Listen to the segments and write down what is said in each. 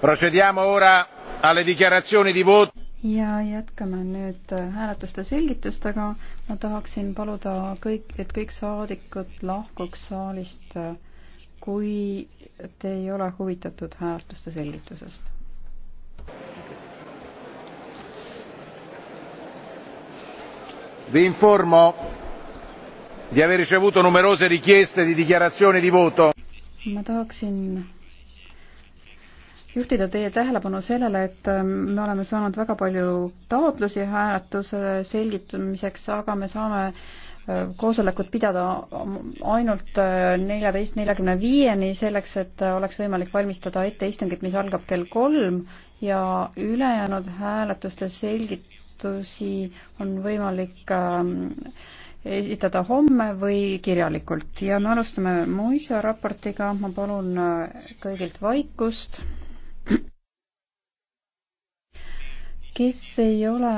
procediamo ora alle dichiarazioni di voto ja jätkame nüüd äh, hääletuste selgitustega. ma tahaksin paluda kõik, et kõik saadikud lahkuks saalist, äh, kui te ei ole huvitatud hääletuste selgitusest. Vi informo di aver ricevuto numerose richieste di dichiarazione di voto. ma tahaksin juhtida teie tähelepanu sellele, et ähm, me oleme saanud väga palju taotlusi hääletuse selgitamiseks, aga me saame äh, koosolekut pidada ainult äh, neljateist neljakümne viieni, selleks et äh, oleks võimalik valmistada ette istungit, mis algab kell kolm ja ülejäänud hääletuste selgitusi on võimalik ähm, esitada homme või kirjalikult ja me alustame Moisa raportiga, ma palun kõigilt vaikust kes ei ole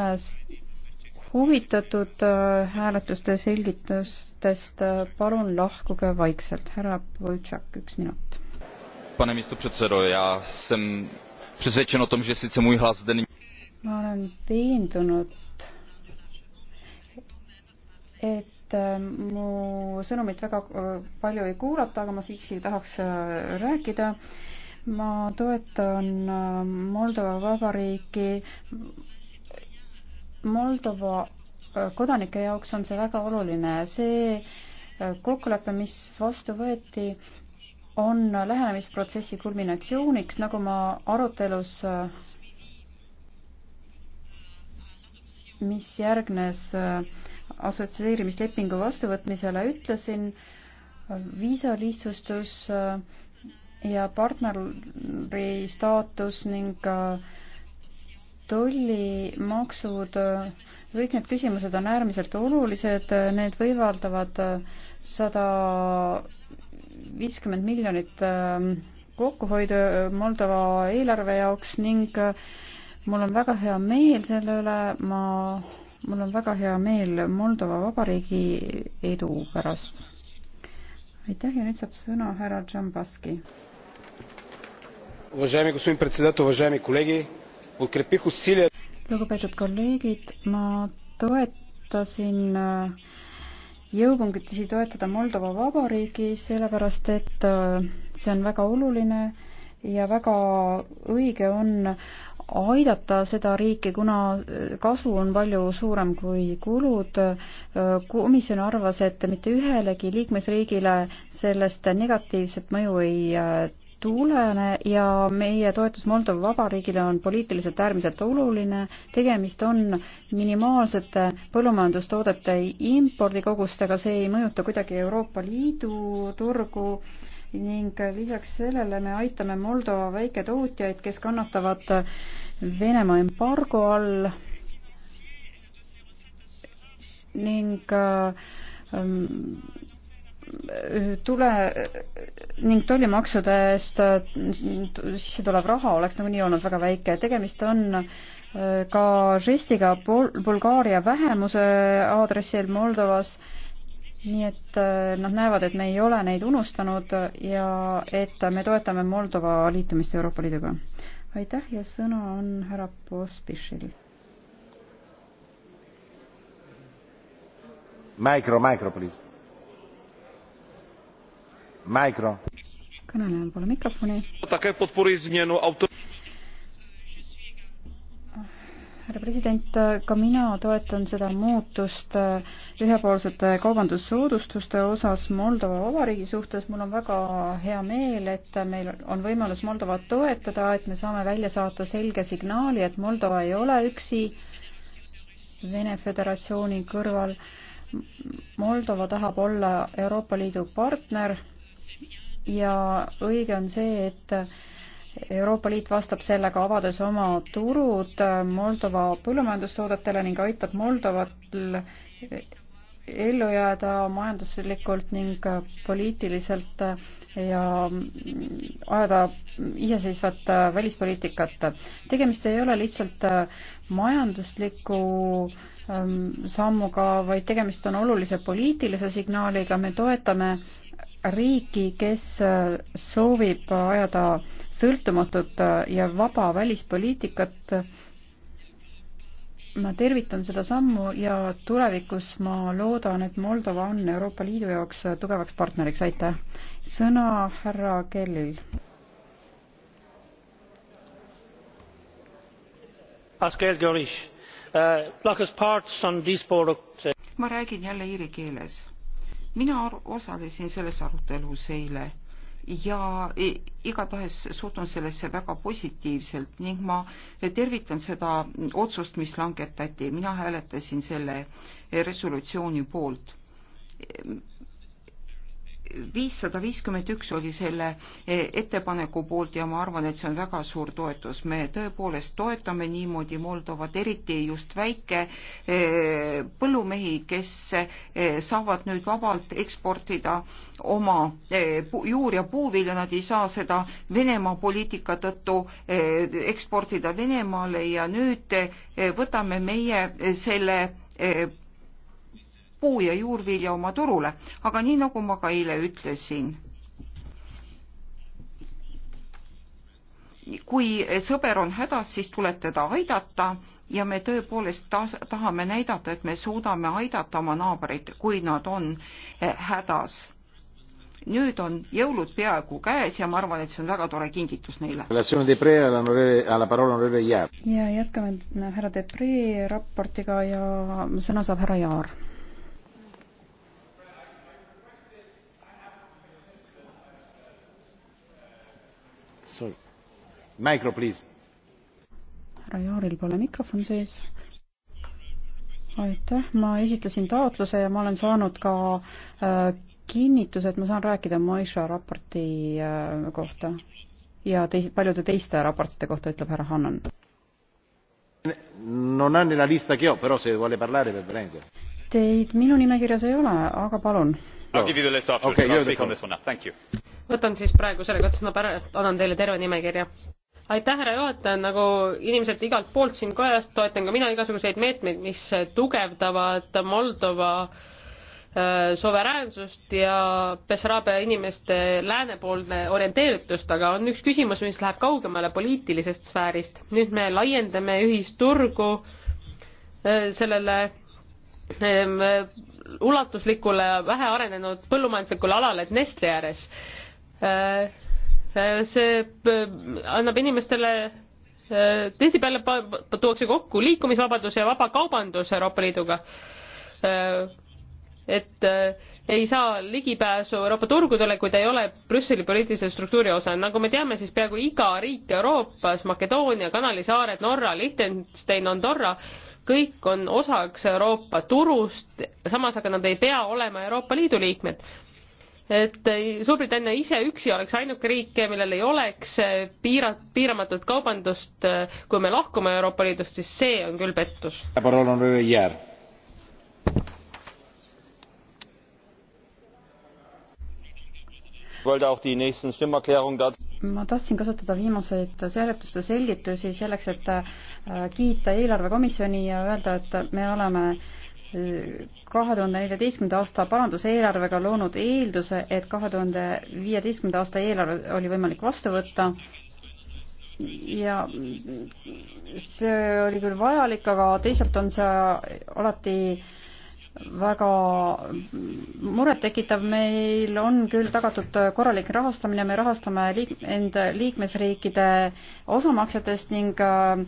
huvitatud äh, hääletuste selgitustest, äh, palun lahkuge vaikselt. härra Boltšak, üks minut. pane mistupredsedo, ja see on přesvědčen o tom, že sice můj hlas zde není. Ma olen veendunud, et äh, mu sõnumit väga palju ei kuulata, aga ma siiski tahaks rääkida ma toetan äh, Moldova Vabariiki. Moldova äh, kodanike jaoks on see väga oluline. see äh, kokkulepe, mis vastu võeti, on lähenemisprotsessi kulminatsiooniks, nagu ma arutelus, mis järgnes assotsieerimislepingu vastuvõtmisele, ütlesin, viisalihtsustus äh, ja partneri staatus ning tollimaksud, kõik need küsimused on äärmiselt olulised, need võimaldavad sada viiskümmend miljonit ähm, kokkuhoidu Moldova eelarve jaoks ning äh, mul on väga hea meel selle üle, ma, mul on väga hea meel Moldova Vabariigi edu pärast. aitäh ja nüüd saab sõna härra Džambaski lugupeetud kolleegid, ma toetasin äh, jõupingutusi toetada Moldova Vabariigi, sellepärast et äh, see on väga oluline ja väga õige on aidata seda riiki, kuna äh, kasu on palju suurem kui kulud. komisjon arvas, et mitte ühelegi liikmesriigile sellest negatiivset mõju ei tulene ja meie toetus Moldova Vabariigile on poliitiliselt äärmiselt oluline. tegemist on minimaalsete põllumajandustoodete impordikogustega, see ei mõjuta kuidagi Euroopa Liidu turgu ning lisaks sellele me aitame Moldova väiketootjaid, kes kannatavad Venemaa embargo all ning ähm, tule ning tollimaksude eest sisse tulev raha oleks nagunii olnud väga väike. tegemist on äh, ka žestiga Bul Bulgaaria vähemuse aadressil Moldovas nii et äh, nad näevad, et me ei ole neid unustanud ja et me toetame Moldova liitumist Euroopa Liiduga. aitäh ja sõna on härra Pospišil. Micro, micro, please kõnelejal pole mikrofoni. härra president, ka mina toetan seda muutust eh, ühepoolsete kaubandussoodustuste osas Moldova Vabariigi suhtes. mul on väga hea meel, et meil on võimalus Moldovat toetada, et me saame välja saata selge signaali, et Moldova ei ole üksi Vene Föderatsiooni kõrval. Moldova tahab olla Euroopa Liidu partner ja õige on see, et Euroopa Liit vastab sellega, avades oma turud Moldova põllumajandustoodetele ning aitab Moldovatel ellu jääda majanduslikult ning poliitiliselt ja ajada iseseisvat välispoliitikat. tegemist ei ole lihtsalt majandusliku ähm, sammuga, vaid tegemist on olulise poliitilise signaaliga, me toetame äh, riiki, kes äh, soovib ajada sõltumatut äh, ja vaba välispoliitikat. ma tervitan seda sammu ja tulevikus ma loodan, et Moldova on Euroopa Liidu jaoks äh, tugevaks partneriks, aitäh. sõna härra Kellil. ma räägin jälle iiri keeles mina osalesin selles arutelus eile ja igatahes suhtun sellesse väga positiivselt ning ma tervitan seda otsust, mis langetati, mina hääletasin selle resolutsiooni poolt viissada viiskümmend üks oli selle eh, ettepaneku poolt ja ma arvan, et see on väga suur toetus. me tõepoolest toetame niimoodi Moldovat, eriti just väike eh, põllumehi, kes eh, saavad nüüd vabalt eksportida oma juur- ja puuvilja, nad ei saa seda Venemaa poliitika tõttu eksportida Venemaale ja nüüd võtame meie selle puu- ja juurvilja oma turule, aga nii nagu ma ka eile ütlesin, kui sõber on hädas, siis tuleb teda aidata ja me tõepoolest taas, tahame näidata, et me suudame aidata oma naabreid, kui nad on eh, hädas. nüüd on jõulud peaaegu käes ja ma arvan, et see on väga tore kingitus neile. ja jätkame härra Depree raportiga ja sõna saab härra Jaar härra Jaaril pole mikrofon sees. aitäh, ma esitasin taotluse ja ma olen saanud ka äh, kinnituse, et ma saan rääkida Maisha raporti äh, kohta ja teis-, paljude teiste raportite kohta, ütleb härra Hannon. Non ha nella lista che ho, però se vuole parlare, prego. Teid minu nimekirjas ei ole, aga palun. Okay, võtan siis praegu selle katsena pärast, annan teile terve nimekirja. aitäh, härra juhataja, nagu inimesed igalt poolt siin kojast, toetan ka mina igasuguseid meetmeid, mis tugevdavad Moldova äh, suveräänsust ja Bessarabia inimeste läänepoolne orienteeritust, aga on üks küsimus, mis läheb kaugemale poliitilisest sfäärist. nüüd me laiendame ühisturgu äh, sellele ähm, äh, ulatuslikule vähearenenud põllumajanduslikule alale Dnestri ääres Äh, äh, see äh, annab inimestele tihtipeale tuuakse kokku liikumisvabadus ja vaba kaubandus Euroopa Liiduga. et ei saa ligipääsu Euroopa turgudele, kui ta ei ole Brüsseli poliitilise struktuuri osa. nagu me teame, siis peaaegu iga riik Euroopas, Makedoonia, Kanali saared, Norra, Liechtenstein, Andorra, kõik on osaks Euroopa turust, samas aga nad ei pea olema Euroopa Liidu liikmed et Suurbritannia ise üksi oleks ainuke riik, millel ei oleks piira-, piiramatut kaubandust, kui me lahkume Euroopa Liidust, siis see on küll pettus. ma tahtsin kasutada viimaseid seletuste selgitusi selleks, et äh, kiita eelarvekomisjoni ja öelda, et me oleme äh, kahe tuhande neljateistkümnenda aasta paranduseelarvega loonud eelduse, et kahe tuhande viieteistkümnenda aasta eelarve oli võimalik vastu võtta ja see oli küll vajalik, aga teisalt on see alati äh, väga murettekitav, meil on küll tagatud korralik rahastamine, me rahastame liik-, enda liikmesriikide osamaksetest ning äh,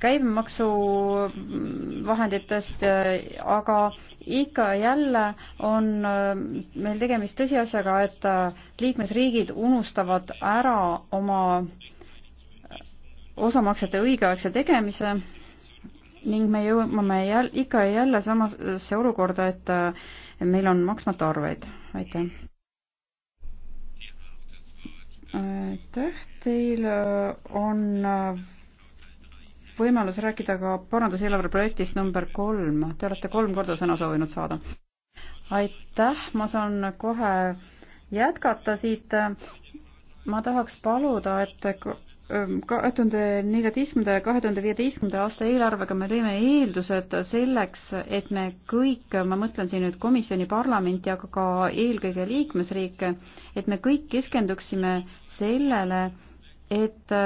käibemaksuvahenditest, äh, aga ikka ja jälle on äh, meil tegemist tõsiasjaga, et liikmesriigid unustavad ära oma osamaksete õigeaegse tegemise ning me jõuame jäl-, ikka ja jälle samasse olukorda, et äh, meil on maksmata arveid. aitäh. aitäh, teil äh, on äh, võimalus rääkida ka paranduseelarve projektist number kolm. Te olete kolm korda sõna soovinud saada. aitäh, ma saan kohe jätkata siit. ma tahaks paluda, et Ehm, kahe tuhande neljateistkümnenda ja kahe tuhande viieteistkümnenda aasta eelarvega me lõime eeldused selleks, et me kõik, ma mõtlen siin nüüd komisjoni, parlamenti, aga ka eelkõige liikmesriike, et me kõik keskenduksime sellele, et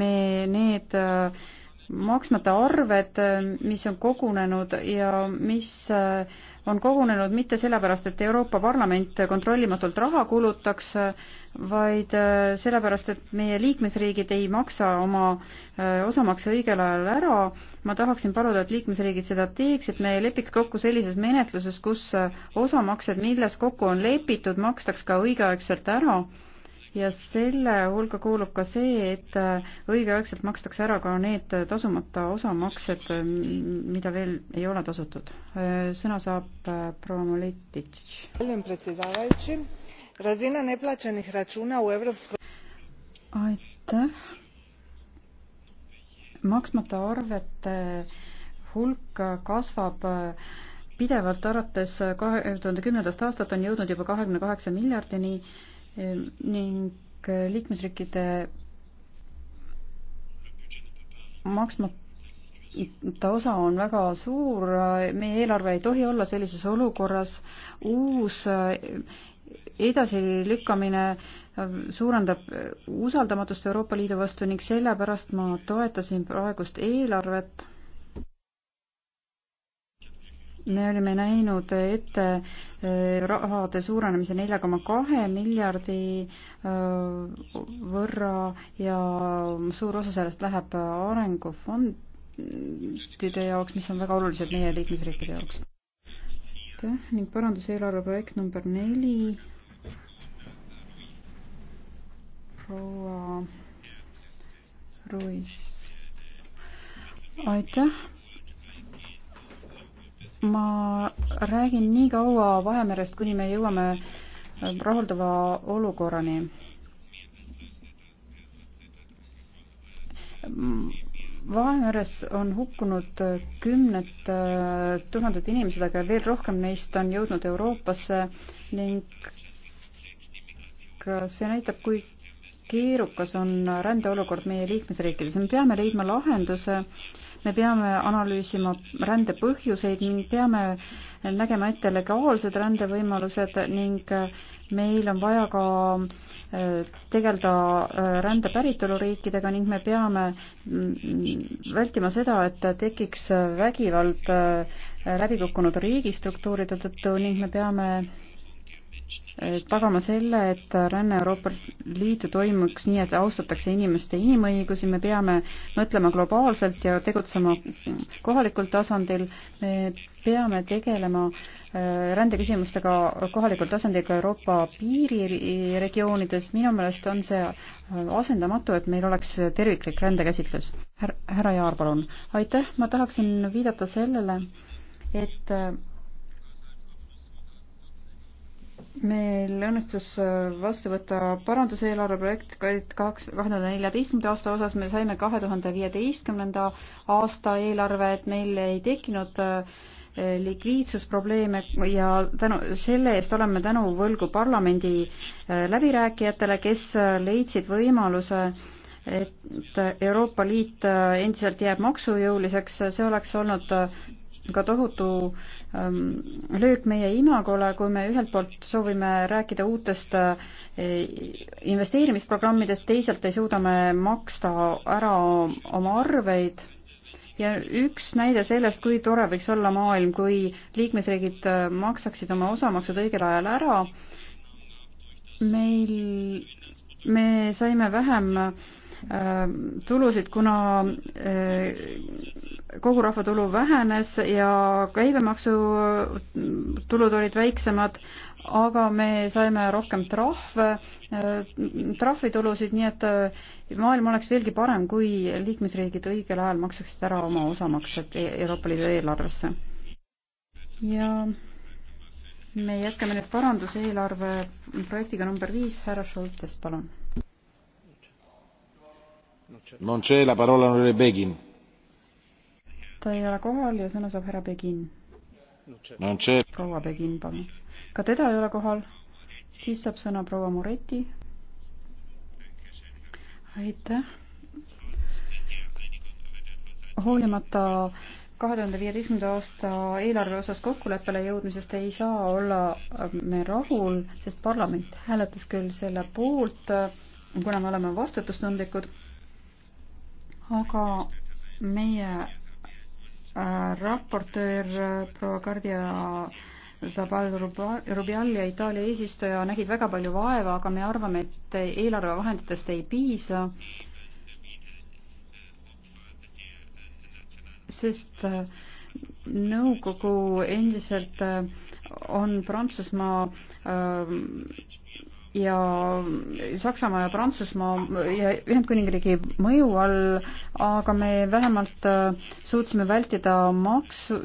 me need äh, maksmata arved, mis on kogunenud ja mis äh, on kogunenud mitte sellepärast, et Euroopa Parlament kontrollimatult raha kulutaks, vaid äh, sellepärast, et meie liikmesriigid ei maksa oma äh, osamakse õigel ajal ära. ma tahaksin paluda, et liikmesriigid seda teeks, et me lepiks kokku sellises menetluses, kus osamaksed, milles kokku on lepitud, makstaks ka õigeaegselt ära ja selle hulka kuulub ka see, et äh, õigeaegselt makstakse ära ka need tasumata osamaksed, mida veel ei ole tasutud. Äh, sõna saab äh, proua Moletitš. aitäh. maksmata arvete hulk kasvab pidevalt alates kahe tuhande kümnendast aastat on jõudnud juba kahekümne kaheksa miljardini Ehm, ning äh, liikmesriikide maksmata osa on väga suur, äh, meie eelarve ei tohi olla sellises olukorras, uus äh, edasilükkamine suurendab usaldamatust Euroopa Liidu vastu ning sellepärast ma toetasin praegust eelarvet me olime näinud ette äh, rahade suurenemise nelja koma kahe miljardi äh, võrra ja suur osa sellest läheb arengufondide jaoks, mis on väga olulised meie liikmesriikide jaoks. aitäh ning paranduseelarve projekt number neli. proua Ruiz. aitäh ma räägin nii kaua Vahemerest, kuni me jõuame äh, rahuldava olukorrani. Vahemeres on hukkunud äh, kümned äh, tuhanded inimesed, aga veel rohkem neist on jõudnud Euroopasse ning see näitab, kui keerukas on rändeolukord meie liikmesriikides. me peame leidma lahenduse äh, me peame analüüsima rände põhjuseid ning peame nägema ette legaalsed rändevõimalused ning meil on vaja ka äh, tegeleda äh, rände päritoluriikidega ning me peame mm, vältima seda, et tekiks vägivald äh, läbikukkunud riigistruktuuride tõttu ning me peame tagama selle, et ränne Euroopa Liitu toimuks nii, et austatakse inimeste inimõigusi, me peame mõtlema globaalselt ja tegutsema kohalikul tasandil, me peame tegelema äh, rändeküsimustega kohalikul tasandil ka Euroopa piiriregioonides, minu meelest on see äh, asendamatu, et meil oleks terviklik rändekäsitlus. härra Jaar, palun. aitäh, ma tahaksin viidata sellele, et äh, meil õnnestus äh, vastu võtta paranduseelarve projekt kaks, kahe tuhande neljateistkümnenda aasta osas, me saime kahe tuhande viieteistkümnenda aasta eelarve, et meil ei tekkinud äh, likviidsusprobleeme ja tänu, selle eest oleme tänu võlgu parlamendi äh, läbirääkijatele, kes leidsid võimaluse et Euroopa Liit endiselt jääb maksujõuliseks, see oleks olnud ka tohutu Ähm, löök meie imagole, kui me ühelt poolt soovime rääkida uutest äh, investeerimisprogrammidest, teisalt ei suuda me maksta ära oma arveid ja üks näide sellest, kui tore võiks olla maailm, kui liikmesriigid äh, maksaksid oma osamaksud õigel ajal ära, meil, me saime vähem äh, Äh, tulusid, kuna äh, kogu rahvatulu vähenes ja käibemaksu äh, tulud olid väiksemad, aga me saime rohkem trahve, trahvitulusid, nii et maailm oleks veelgi parem, kui liikmesriigid õigel ajal maksaksid ära oma osamaksed e-, Euroopa Liidu eelarvesse. ja me jätkame nüüd paranduseelarve projektiga number viis, härra Šoltes, palun ta ei ole kohal ja sõna saab härra Begin. proua Begin, palun. ka teda ei ole kohal, siis saab sõna proua Mureti. aitäh hoolimata kahe tuhande viieteistkümnenda aasta eelarve osas kokkuleppele jõudmisest ei saa olla äh, me rahul, sest parlament hääletas küll selle poolt, äh, kuna me oleme vastutustundlikud aga meie äh, raportöör äh, proua Kardia Zabal Rubial ja Itaalia eesistuja nägid väga palju vaeva, aga me arvame, et eelarvevahenditest ei piisa, sest äh, nõukogu endiselt on Prantsusmaa ja Saksamaa ja Prantsusmaa ja Ühendkuningriigi mõju all, aga me vähemalt äh, suutsime vältida maksu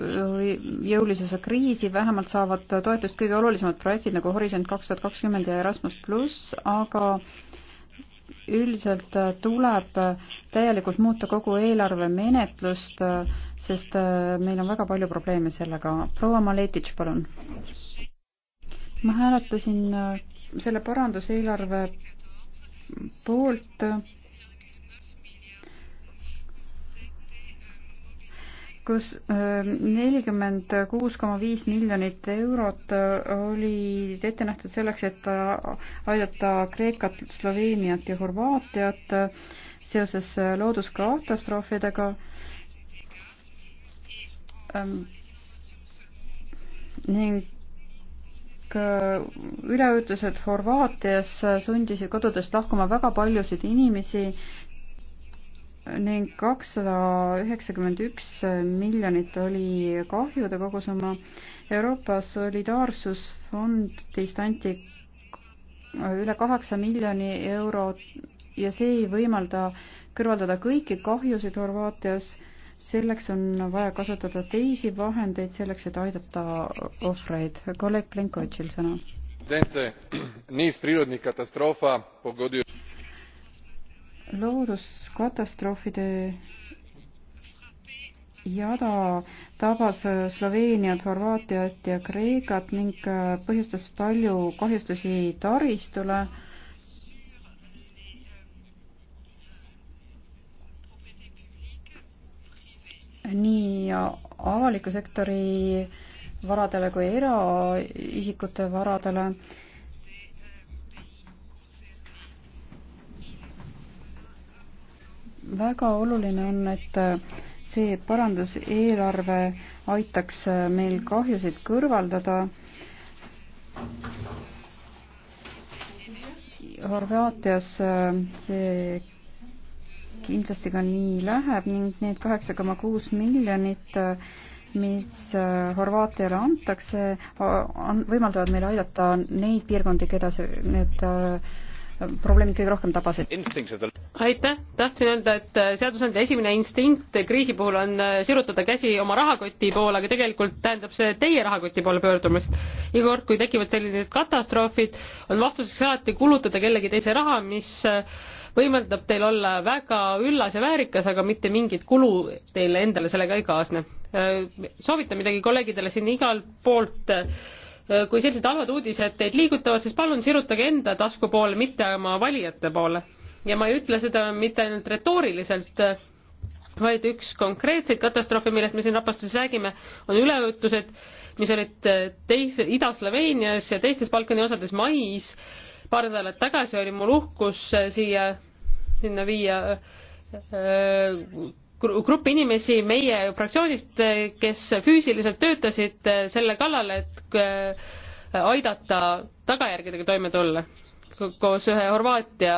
jõulisuse kriisi, vähemalt saavad toetust kõige olulisemad projektid nagu Horisont kaks tuhat kakskümmend ja Erasmus pluss, aga üldiselt äh, tuleb äh, täielikult muuta kogu eelarvemenetlust, sest meil on väga palju probleeme sellega. proua Maletitš, palun. ma hääletasin selle paranduseelarve poolt kus äh, nelikümmend kuus koma viis miljonit eurot äh, olid ette nähtud selleks, et äh, aidata Kreekat, Sloveeniat ja Horvaatiat seoses looduskatastroofidega. Ähm, ning ning äh, üleujutused Horvaatias äh, sundisid kodudest lahkuma väga paljusid inimesi ning kakssada üheksakümmend üks äh, miljonit oli kahjude kogusumma. Euroopa Solidaarsusfondist anti üle kaheksa miljoni euro ja see ei võimalda kõrvaldada kõiki kahjusid Horvaatias selleks on vaja kasutada teisi vahendeid selleks, et aidata ohvreid. kolleeg Plenkovitšil sõna. looduskatastroofide jada tabas Sloveeniat, Horvaatiat ja Kreekat ning põhjustas palju kahjustusi taristule nii avaliku sektori varadele kui eraisikute varadele. väga oluline on, et see paranduseelarve aitaks meil kahjusid kõrvaldada. Horvaatias see kindlasti ka nii läheb ning need kaheksa koma kuus miljonit, mis äh, Horvaatiale antakse, võimaldavad meil aidata neid piirkondi, keda see, need äh, probleemid kõige rohkem tabasid. aitäh, tahtsin öelda, et äh, seadusandja esimene instinkt kriisi puhul on sirutada käsi oma rahakoti poole, aga tegelikult tähendab see teie rahakoti poole pöördumist. iga kord, kui tekivad sellised katastroofid, on vastuseks alati kulutada kellegi teise raha, mis äh, võimaldab teil olla väga üllas ja väärikas, aga mitte mingit kulu teile endale sellega ei kaasne. soovitan midagi kolleegidele siin igalt poolt kui sellised halvad uudised teid liigutavad, siis palun sirutage enda tasku poole, mitte oma valijate poole. ja ma ei ütle seda mitte ainult retooriliselt, vaid üks konkreetseid katastroofe, millest me siin raportis räägime, on üleujutused, mis olid teis-, Ida-Sloveenias ja teistes Balkani osades mais. paar nädalat tagasi oli mul uhkus siia sinna viia äh, grupp inimesi meie fraktsioonist, kes füüsiliselt töötasid äh, selle kallal, et äh, aidata tagajärgedega toime tulla. koos ühe Horvaatia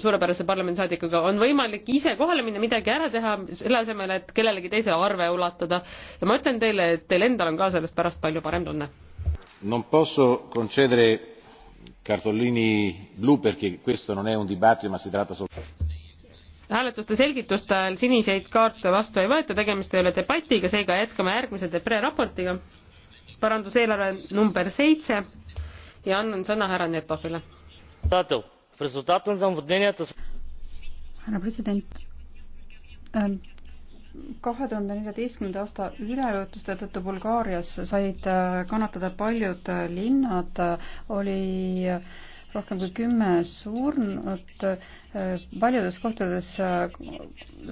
suurepärase parlamendisaadikuga on võimalik ise kohale minna, midagi ära teha, selle asemel, et kellelegi teisele arve ulatada. ja ma ütlen teile, et teil endal on ka sellest pärast palju parem tunne. Non posso concedere cartolini blu perché questo non è un dibattito ma si tratta soltanto hääletuste selgituste ajal siniseid kaarte vastu ei võeta, tegemist ei ole debatiga, seega jätkame järgmise Debre raportiga, paranduseelarve number seitse ja annan sõna härra Netovile. härra president, ähm, kahe tuhande neljateistkümnenda aasta üleujutuste tõttu Bulgaarias said äh, kannatada paljud äh, linnad, äh, oli rohkem kui kümme surnut. Äh, paljudes kohtades äh,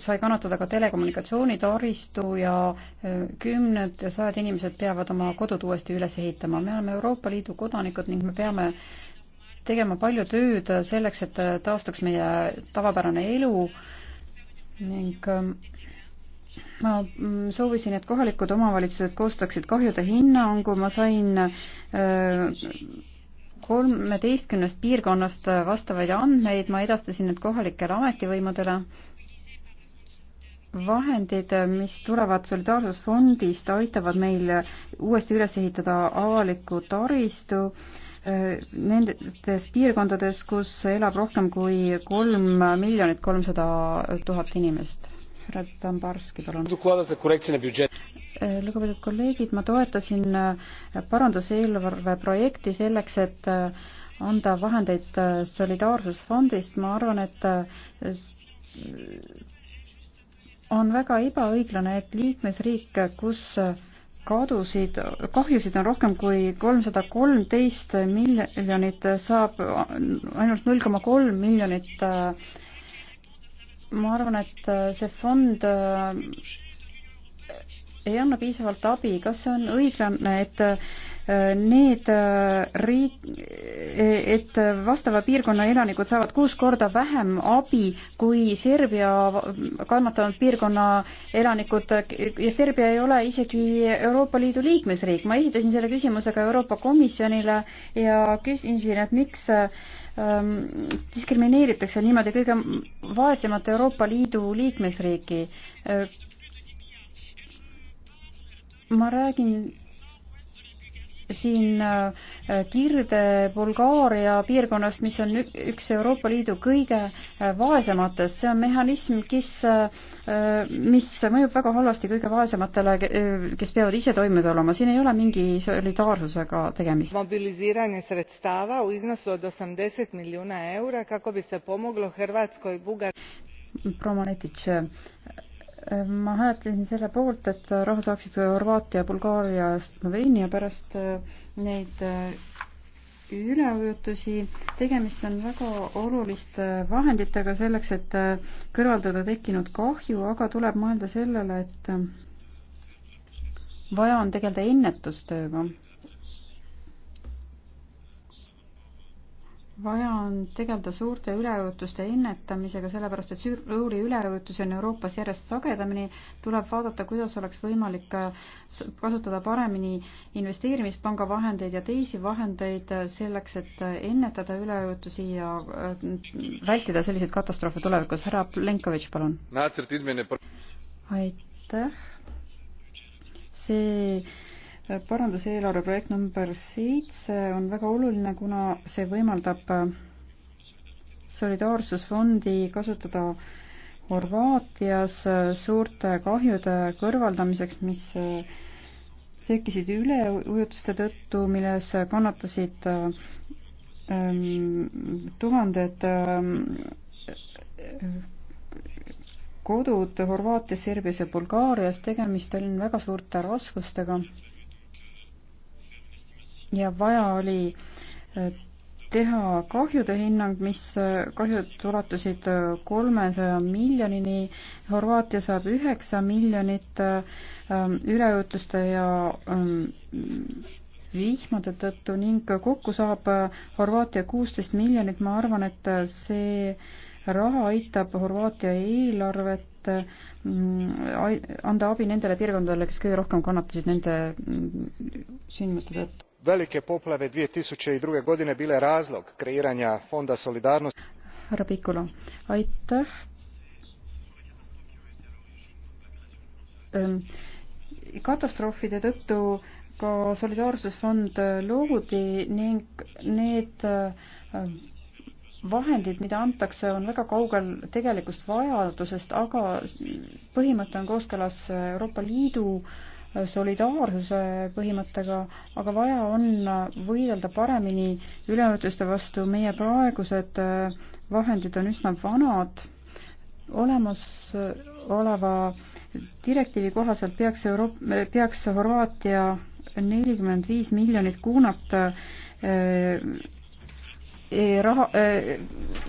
sai kannatada ka telekommunikatsioonitaristu ja äh, kümned ja sajad inimesed peavad oma kodud uuesti üles ehitama. me oleme Euroopa Liidu kodanikud ning me peame tegema palju tööd selleks, et taastuks meie tavapärane elu ning ma mm, soovisin, et kohalikud omavalitsused koostaksid kahjude hinnangu, ma sain äh, kolmeteistkümnest piirkonnast vastavaid andmeid, ma edastasin need kohalikele ametivõimudele. vahendid, mis tulevad Solidaarsusfondist, aitavad meil uuesti üles ehitada avaliku taristu eh, nendes piirkondades, kus elab rohkem kui kolm miljonit kolmsada tuhat inimest. härra Tambarski, palun. Äh, lugupeetud kolleegid, ma toetasin äh, paranduseelarve projekti selleks, et äh, anda vahendeid Solidaarsusfondist, ma arvan, et on väga ebaõiglane, et liikmesriik, kus kadusid, kahjusid on rohkem kui kolmsada kolmteist miljonit, saab ainult null koma kolm miljonit. ma arvan, et see fond ei anna piisavalt abi, kas see on õiglane, et äh, need äh, riik, äh, et vastava piirkonna elanikud saavad kuus korda vähem abi kui Serbia kannatanud piirkonna elanikud ja Serbia ei ole isegi Euroopa Liidu liikmesriik. ma esitasin selle küsimuse ka Euroopa Komisjonile ja küsisin, et miks ähm, diskrimineeritakse niimoodi kõige vaesemat Euroopa Liidu liikmesriiki ma räägin siin äh, Kirde Bulgaaria piirkonnast, mis on üks Euroopa Liidu kõige äh, vaesematest, see on mehhanism, kes, äh, mis mõjub väga halvasti kõige vaesematele, kes peavad ise toime tulema, siin ei ole mingi solidaarsusega tegemist. mobiliseerimine sredstava u iznosu od osamdeset milijuna eura kako bi se pomoglo Hrvatskoj, Bugar-. proua Maletitš ma hääletasin selle poolt, et raha saaksid Horvaatia, Bulgaaria ja Sloveenia pärast äh, neid äh, üleujutusi. tegemist on väga oluliste äh, vahenditega selleks, et kõrvaldada tekkinud kahju, aga tuleb mõelda sellele, et vaja on tegeleda ennetustööga vaja on tegeleda suurte üleujutuste ennetamisega, sellepärast et suuri üleujutusi on Euroopas järjest sagedamini. tuleb vaadata, kuidas oleks võimalik äh, kasutada paremini investeerimispanga vahendeid ja teisi vahendeid äh, selleks, et äh, ennetada üleujutusi ja vältida selliseid katastroofe tulevikus. härra Plenkovitš, palun. aitäh. see paranduseelarve projekt number seitse on väga oluline, kuna see võimaldab solidaarsusfondi kasutada Horvaatias suurte kahjude kõrvaldamiseks, mis tekkisid üleujutuste tõttu, milles kannatasid ähm, tuhanded ähm, kodud Horvaatias, Serbias ja Bulgaarias. tegemist on väga suurte raskustega ja vaja oli äh, teha kahjude hinnang, mis, äh, kahjud ulatusid äh, kolmesaja miljonini, Horvaatia saab üheksa miljonit ähm, üleujutuste ja ähm, vihmade tõttu ning kokku saab Horvaatia kuusteist miljonit, ma arvan, et see raha aitab Horvaatia eelarvet mm, anda abi nendele piirkondadele, kes kõige rohkem kannatasid nende mm, sündmuste tõttu velike poplave. two thousand and two godine bile razlog kreiranja fonda solidarnosti. härra picolo aitäh ehm, katastroofide tõttu ka solidaarsusfond äh, loodi ning need äh, vahendid, mida antakse, on väga kaugel tegelikust vajadusest, aga põhimõte on kooskõlas Euroopa Liidu äh, solidaarsuse põhimõttega, aga vaja on võidelda paremini üleujutuste vastu, meie praegused äh, vahendid on üsna vanad, olemasoleva direktiivi kohaselt peaks Euroop-, peaks Horvaatia nelikümmend viis miljonit kuunat äh, raha äh,,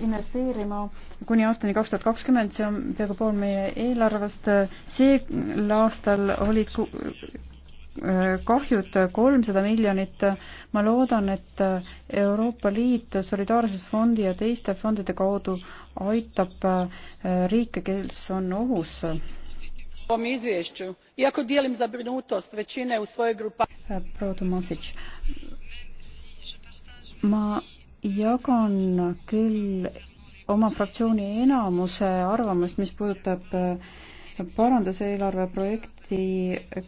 investeerima kuni aastani kaks tuhat kakskümmend, see on peaaegu pool meie eelarvest. sel aastal olid äh, kahjud kolmsada miljonit. ma loodan, et Euroopa Liit Solidaarsusfondi ja teiste fondide kaudu aitab äh, riike, kes on ohus. ovom izvješću, iako dijelim zabrinutost većine u svojoj grupaciji. proua Tomasić, ma jagan küll oma fraktsiooni enamuse arvamust, mis puudutab äh, paranduseelarve projekti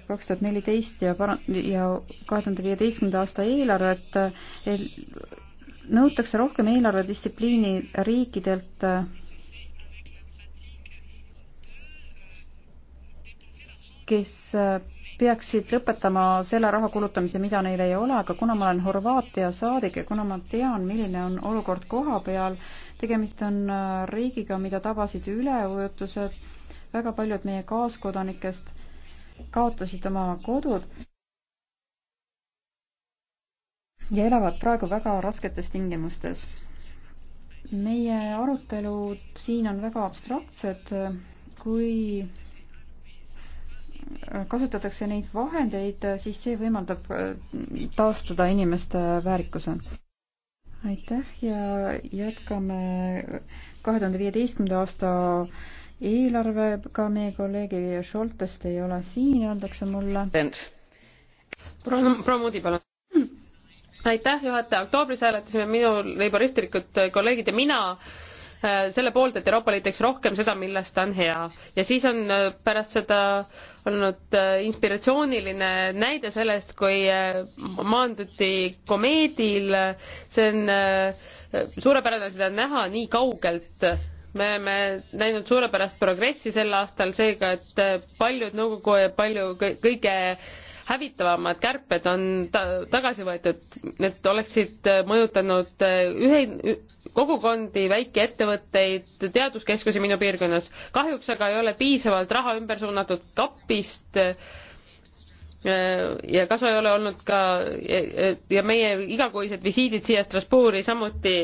kaks tuhat neliteist ja para-, ja kahe tuhande viieteistkümnenda aasta eelarvet, äh, nõutakse rohkem eelarvedistsipliini riikidelt äh, kes peaksid lõpetama selle raha kulutamise, mida neil ei ole, aga kuna ma olen Horvaatia saadik ja kuna ma tean, milline on olukord koha peal, tegemist on äh, riigiga, mida tabasid üleujutused, väga paljud meie kaaskodanikest kaotasid oma kodud ja elavad praegu väga rasketes tingimustes. meie arutelud siin on väga abstraktsed, kui kasutatakse neid vahendeid, siis see võimaldab äh, taastada inimeste väärikuse. aitäh ja jätkame kahe tuhande viieteistkümnenda aasta eelarvega. meie kolleegi Šoltest ei ole siin, öeldakse mulle. promoodi palun aitäh juhataja, oktoobris hääletasime minu laboristlikud kolleegid ja mina äh, Äh, selle poolt, et Euroopa Liit teeks rohkem seda, milles ta on hea. ja siis on äh, pärast seda olnud äh, inspiratsiooniline näide sellest, kui maanduti komeedil, see on suurepärane seda näha nii kaugelt, me oleme näinud suurepärast progressi sel aastal, seega et paljud nõukogu ja palju kõige hävitavamad kärped on ta tagasi võetud, need oleksid äh, mõjutanud äh, ühe, kogukondi, väikeettevõtteid, teaduskeskusi minu piirkonnas. kahjuks aga ei ole piisavalt raha ümber suunatud kapist äh, Äh, ja kasu ei ole olnud ka ja meie igakuised visiidid siia Strasbourgi samuti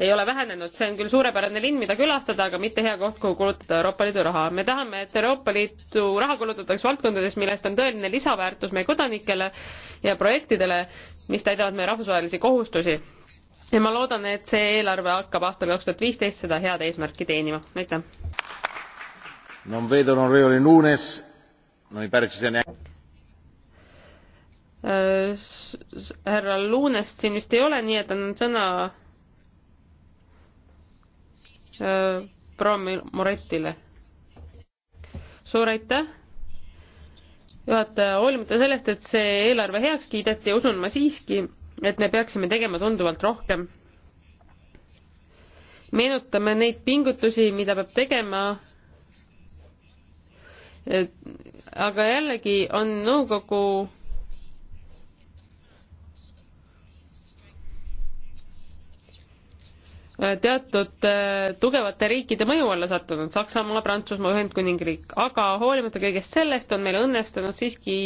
ei ole vähenenud, see on küll suurepärane linn, mida külastada, aga mitte hea koht, kuhu kulutada Euroopa Liidu raha. me tahame, et Euroopa Liidu raha kulutataks valdkondades, millest on tõeline lisaväärtus meie kodanikele ja projektidele, mis täidavad meie rahvusvahelisi kohustusi. ja ma loodan, et see eelarve hakkab aastal kaks tuhat viisteist seda head eesmärki teenima, aitäh. non vedo onorevole Nunes, non mi pare ci sia neanche Äh, härra Luunest siin vist ei ole, nii et annan sõna äh, proua Morettile. suur aitäh, juhataja, hoolimata sellest, et see eelarve heaks kiideti, usun ma siiski, et me peaksime tegema tunduvalt rohkem. meenutame neid pingutusi, mida peab tegema. aga jällegi on nõukogu Äh, teatud äh, tugevate riikide mõju alla sattunud, Saksamaa, Prantsusmaa, Ühendkuningriik, aga hoolimata kõigest sellest on meil õnnestunud siiski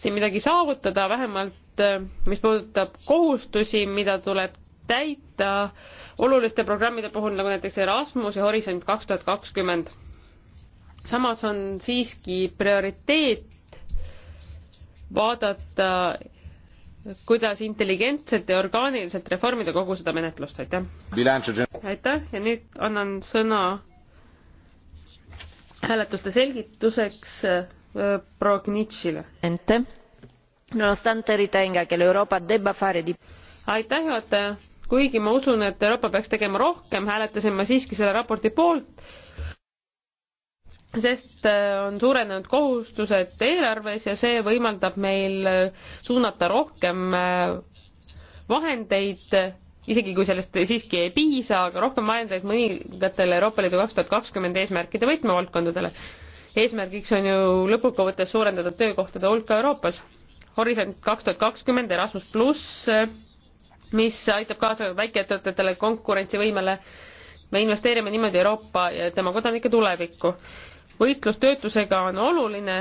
siin midagi saavutada, vähemalt äh, mis puudutab kohustusi, mida tuleb täita oluliste programmide puhul, nagu näiteks Erasmus ja Horisont kaks tuhat kakskümmend. samas on siiski prioriteet vaadata kuidas intelligentselt ja orgaaniliselt reformida kogu seda menetlust, aitäh. aitäh ja nüüd annan sõna hääletuste selgituseks äh, proua Gnitšile. aitäh, juhataja. kuigi ma usun, et Euroopa peaks tegema rohkem, hääletasin ma siiski selle raporti poolt sest äh, on suurenenud kohustused eelarves ja see võimaldab meil äh, suunata rohkem äh, vahendeid, isegi kui sellest siiski ei piisa, aga rohkem vahendeid mõningatele Euroopa Liidu kaks tuhat kakskümmend eesmärkide võtmevaldkondadele. eesmärgiks on ju lõppkokkuvõttes suurendada töökohtade hulka Euroopas. Horisont kaks tuhat kakskümmend, Erasmus pluss, mis aitab kaasa väikeettevõtetele konkurentsivõimele me investeerime niimoodi Euroopa ja tema kodanike tulevikku võitlus töötusega on oluline,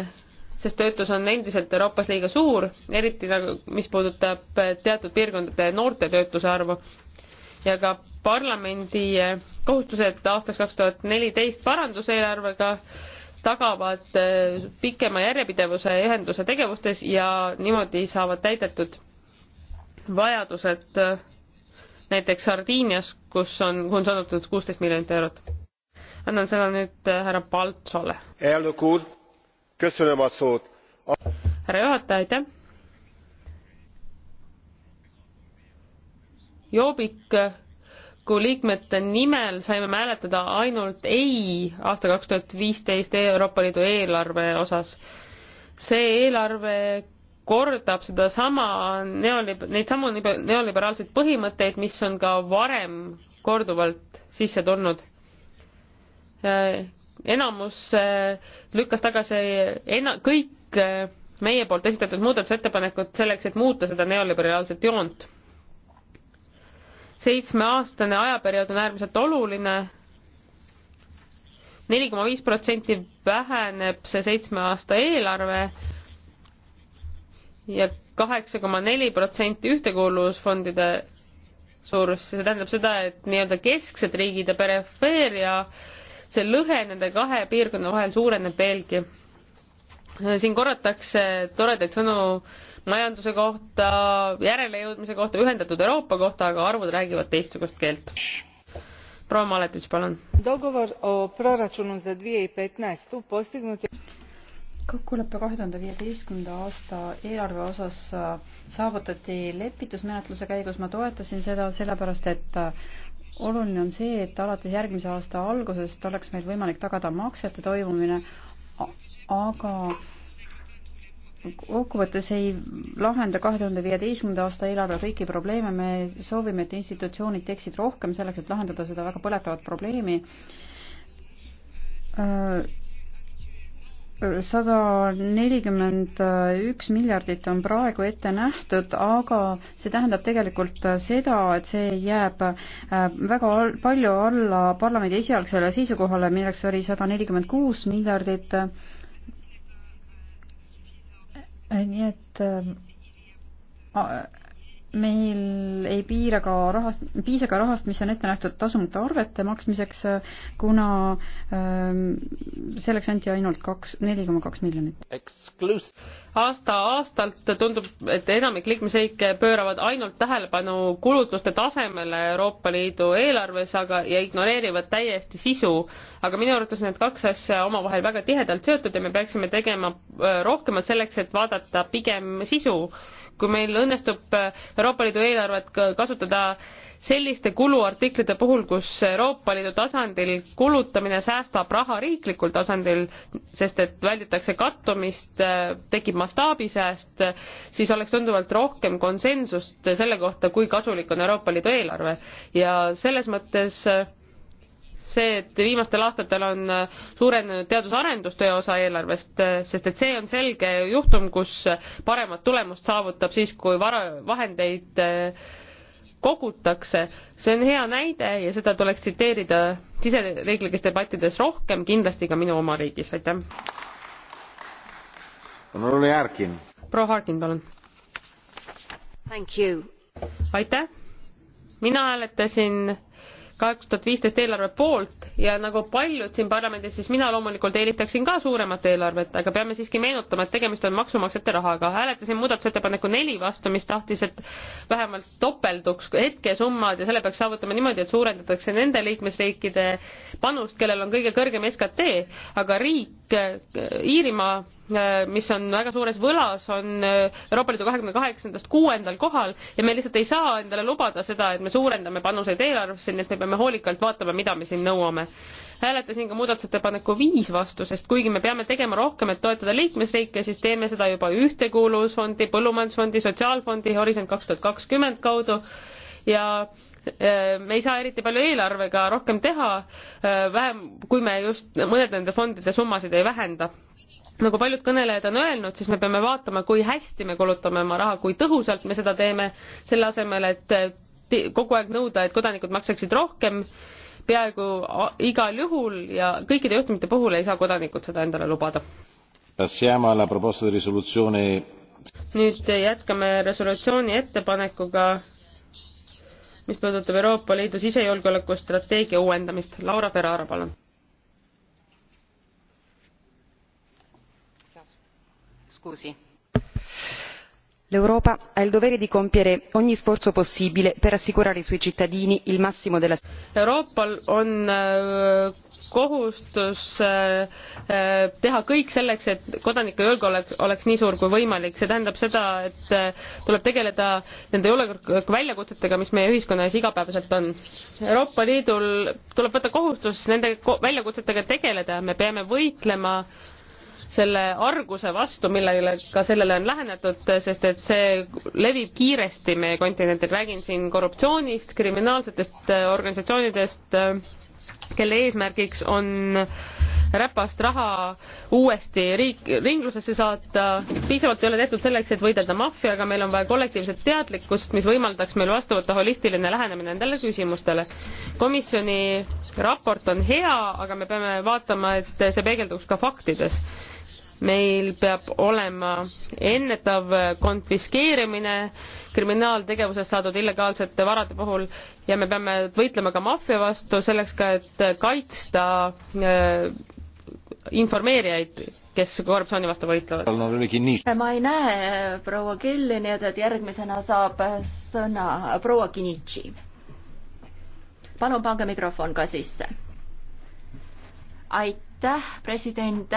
sest töötus on endiselt Euroopas liiga suur, eriti nagu, mis puudutab teatud piirkondade noorte töötuse arvu ja ka parlamendi kohustused aastaks kaks tuhat neliteist paranduseelarvega tagavad eh, pikema järjepidevuse ühenduse tegevustes ja niimoodi saavad täidetud vajadused eh, näiteks Sardiinias, kus on, kus on antud kuusteist miljonit eurot annan sõna nüüd äh, härra Paltsole. härra juhataja, aitäh. joobiku äh, liikmete nimel saime me hääletada ainult ei aasta kaks tuhat viisteist Euroopa Liidu eelarve osas. see eelarve kordab sedasama neolib-, neid samu neoliberaalseid põhimõtteid, mis on ka varem korduvalt sisse tulnud Äh, enamus äh, lükkas tagasi äh, ena-, kõik meie poolt esitatud muudatusettepanekud selleks, et muuta seda neoliberaalset joont. seitsmeaastane ajaperiood on äärmiselt oluline, neli koma viis protsenti väheneb see seitsme aasta eelarve ja kaheksa koma neli protsenti ühtekuuluvusfondide suurus, see tähendab seda, et nii-öelda kesksed riigid ja perifeeria äh, see lõhe nende kahe piirkonna vahel suureneb veelgi. siin korratakse toredaid sõnu majanduse kohta, järelejõudmise kohta, ühendatud Euroopa kohta, aga arvud räägivad teistsugust keelt. proua Maletis, palun. kokkulepe kahe tuhande viieteistkümnenda aasta eelarve osas äh, saavutati lepitusmenetluse käigus, ma toetasin seda sellepärast, et äh, oluline on see, et alates järgmise aasta algusest oleks meil võimalik tagada maksete toimumine, aga kokkuvõttes ei lahenda kahe tuhande viieteistkümnenda aasta eelarve kõiki probleeme, me soovime, et institutsioonid teeksid rohkem selleks, et lahendada seda väga põletavat probleemi äh, sada nelikümmend üks miljardit on praegu ette nähtud, aga see tähendab tegelikult seda, et see jääb äh, väga al palju alla parlamendi esialgsele seisukohale, milleks oli sada nelikümmend kuus miljardit. nii et äh, meil ei piira ka rahast, piisa ka rahast, mis on ette nähtud tasumata arvete maksmiseks, kuna ähm, selleks anti ainult kaks, neli koma kaks miljonit. aasta-aastalt tundub, et enamik liikmesriike pööravad ainult tähelepanu kulutuste tasemele Euroopa Liidu eelarves, aga, ja ignoreerivad täiesti sisu. aga minu arvates need kaks asja omavahel väga tihedalt seotud ja me peaksime tegema äh, rohkemat selleks, et vaadata pigem sisu kui meil õnnestub äh, Euroopa Liidu eelarvet kasutada selliste kuluartiklite puhul, kus Euroopa Liidu tasandil kulutamine säästab raha riiklikul tasandil, sest et välditakse kattumist, äh, tekib mastaabisääst, siis oleks tunduvalt rohkem konsensust selle kohta, kui kasulik on Euroopa Liidu eelarve ja selles mõttes äh, see, et viimastel aastatel on äh, suurenenud teadus-arendustöö osa eelarvest, äh, sest et see on selge juhtum, kus paremat tulemust saavutab siis, kui vara, vahendeid äh, kogutakse, see on hea näide ja seda tuleks tsiteerida siseriiklikes debattides rohkem, kindlasti ka minu oma riigis, aitäh. proua Harkin, palun. aitäh, mina hääletasin kaks tuhat viisteist eelarve poolt ja nagu paljud siin parlamendis, siis mina loomulikult eelistaksin ka suuremat eelarvet, aga peame siiski meenutama, et tegemist on maksumaksjate rahaga. hääletasin muudatusettepaneku neli vastu, mis tahtis, et vähemalt topelduks hetkesummad ja selle peaks saavutama niimoodi, et suurendatakse nende liikmesriikide panust, kellel on kõige kõrgem SKT, aga riik, Iirimaa Äh, mis on väga suures võlas, on äh, Euroopa Liidu kahekümne kaheksandast kuuendal kohal ja me lihtsalt ei saa endale lubada seda, et me suurendame panuseid eelarvesse, nii et me peame hoolikalt vaatama, mida me siin nõuame. hääletasin ka muudatusettepaneku viis vastu, sest kuigi me peame tegema rohkem, et toetada liikmesriike, siis teeme seda juba Ühtekuuluvusfondi, Põllumajandusfondi, Sotsiaalfondi, Horisont kaks tuhat kakskümmend kaudu ja äh, me ei saa eriti palju eelarvega rohkem teha, vähem, kui me just mõned nende fondide summasid ei vähenda nagu paljud kõnelejad on öelnud, siis me peame vaatama, kui hästi me kulutame oma raha, kui tõhusalt me seda teeme, selle asemel, et kogu aeg nõuda, et kodanikud maksaksid rohkem, peaaegu igal juhul ja kõikide juhtumite puhul ei saa kodanikud seda endale lubada. nüüd jätkame resolutsiooni ettepanekuga, mis puudutab Euroopa Liidu sisejulgeoleku strateegia uuendamist. Laura Ferrara, palun l'europa ha il dovere di compiere ogni sforzo possibile per assicurare ai suoi cittadini il massimo della. euroopal on eh, kohustus eh, eh, teha kõik selleks et kodanike julgeolek oleks nii suur kui võimalik see tähendab seda et tuleb tegeleda nende julgeoleku väljakutsetega mis meie ühiskonna ees igapäevaselt on euroopa liidul tuleb võtta kohustus nende väljakutsetega tegeleda me peame võitlema selle arguse vastu, millele ka sellele on lähenetud, sest et see levib kiiresti meie kontinentil, räägin siin korruptsioonist, kriminaalsetest äh, organisatsioonidest, äh, kelle eesmärgiks on räpast raha uuesti riik, ringlusesse saata, piisavalt ei ole tehtud selleks, et võidelda maffiaga, meil on vaja kollektiivset teadlikkust, mis võimaldaks meil vastu võtta holistiline lähenemine nendele küsimustele. komisjoni raport on hea, aga me peame vaatama, et see peegelduks ka faktides meil peab olema ennetav konfiskeerimine kriminaaltegevusest saadud illegaalsete varade puhul ja me peame võitlema ka maffia vastu selleks ka, et kaitsta äh, informeerijaid kes korruptsiooni vastu võitlevad. ma ei näe äh, proua Kelly, nii et, et järgmisena saab äh, sõna proua Kinitši. palun pange mikrofon ka sisse. aitäh, president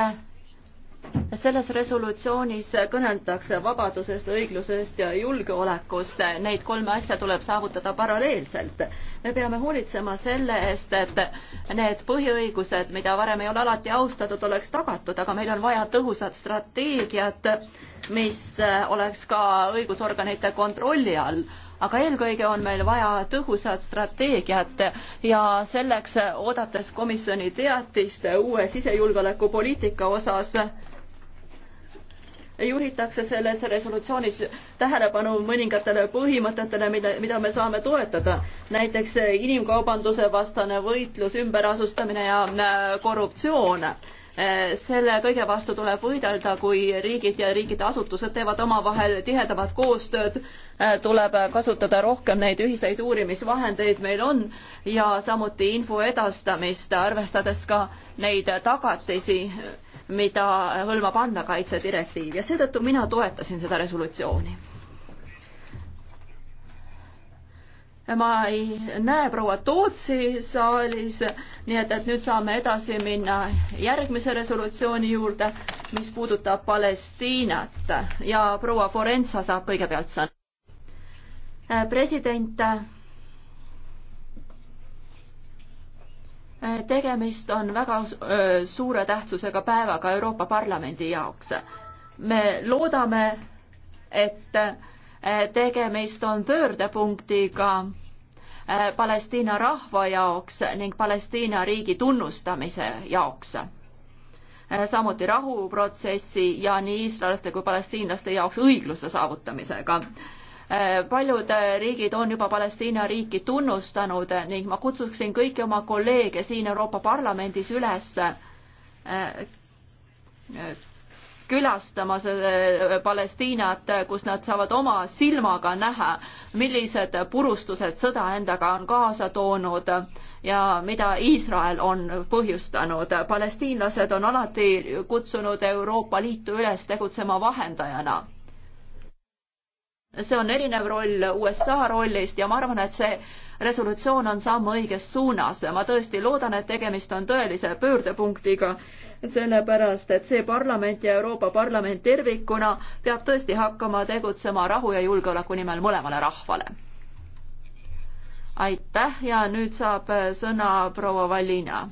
selles resolutsioonis kõneldakse vabadusest, õiglusest ja julgeolekust, neid kolme asja tuleb saavutada paralleelselt. me peame hoolitsema selle eest, et need põhiõigused, mida varem ei ole alati austatud, oleks tagatud, aga meil on vaja tõhusat strateegiat, mis oleks ka õigusorganite kontrolli all aga eelkõige on meil vaja tõhusat strateegiat ja selleks, oodates komisjoni teatist uue sisejulgeolekupoliitika osas, juhitakse selles resolutsioonis tähelepanu mõningatele põhimõtetele, mille, mida me saame toetada. näiteks inimkaubanduse vastane võitlus, ümberasustamine ja äh, korruptsioon Äh, selle kõige vastu tuleb võidelda, kui riigid ja riigide asutused teevad omavahel tihedamat koostööd, äh, tuleb kasutada rohkem neid ühiseid uurimisvahendeid meil on ja samuti info edastamist, arvestades ka neid tagatisi, mida hõlmab andmekaitse direktiiv ja seetõttu mina toetasin seda resolutsiooni. ma ei näe proua Tootsi saalis, nii et, et nüüd saame edasi minna järgmise resolutsiooni juurde, mis puudutab Palestiinat ja proua Forenza saab kõigepealt sõna. president, tegemist on väga suure tähtsusega päevaga Euroopa Parlamendi jaoks. me loodame, et Eh, tegemist on pöördepunktiga eh, Palestiina rahva jaoks ning Palestiina riigi tunnustamise jaoks. Eh, samuti rahuprotsessi ja nii iisraellaste kui palestiinlaste jaoks õigluse saavutamisega. paljud riigid on juba Palestiina riiki tunnustanud ning ma kutsuksin kõiki oma kolleege siin Euroopa Parlamendis üles külastamas äh, Palestiinat, kus nad saavad oma silmaga näha, millised purustused sõda endaga on kaasa toonud ja mida Iisrael on põhjustanud. palestiinlased on alati kutsunud Euroopa Liitu üles tegutsema vahendajana see on erinev roll USA rollist ja ma arvan, et see resolutsioon on samm õiges suunas. ma tõesti loodan, et tegemist on tõelise pöördepunktiga, sellepärast et see parlament ja Euroopa Parlament tervikuna peab tõesti hakkama tegutsema rahu ja julgeoleku nimel mõlemale rahvale. aitäh ja nüüd saab sõna proua Vallina.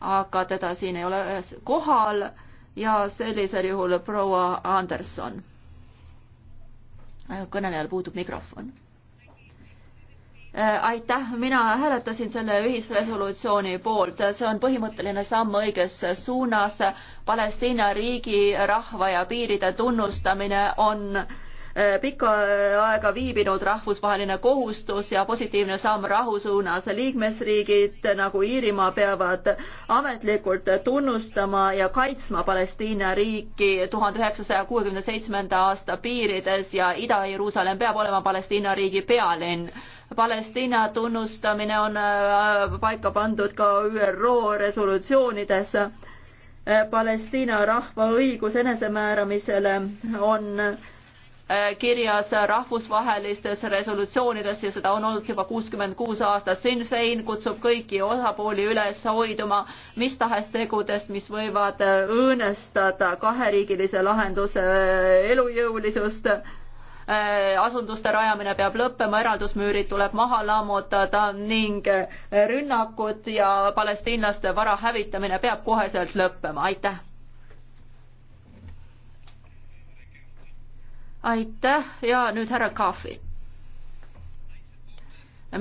aga teda siin ei ole kohal ja sellisel juhul proua Anderson. kõnelejal puudub mikrofon Äh, aitäh, mina hääletasin selle ühisresolutsiooni poolt, see on põhimõtteline samm õiges suunas. Palestiina riigi, rahva ja piiride tunnustamine on äh, pikka äh, aega viibinud rahvusvaheline kohustus ja positiivne samm rahu suunas. liikmesriigid nagu Iirimaa peavad ametlikult tunnustama ja kaitsma Palestiina riiki tuhande üheksasaja kuuekümne seitsmenda aasta piirides ja Ida-Jeruusalemm peab olema Palestiina riigi pealinn Palestiina tunnustamine on äh, paika pandud ka ÜRO resolutsioonides. Äh, Palestiina rahva õigus enesemääramisele on äh, kirjas rahvusvahelistes resolutsioonides ja seda on olnud juba kuuskümmend kuus aastat. Sinn Fein kutsub kõiki osapooli üles hoiduma mis tahes tegudest, mis võivad õõnestada kaheriigilise lahenduse elujõulisust Äh, asunduste rajamine peab lõppema, eraldusmüürid tuleb maha lammutada ning äh, rünnakud ja palestiinlaste vara hävitamine peab koheselt lõppema, aitäh. aitäh ja nüüd härra Kahvi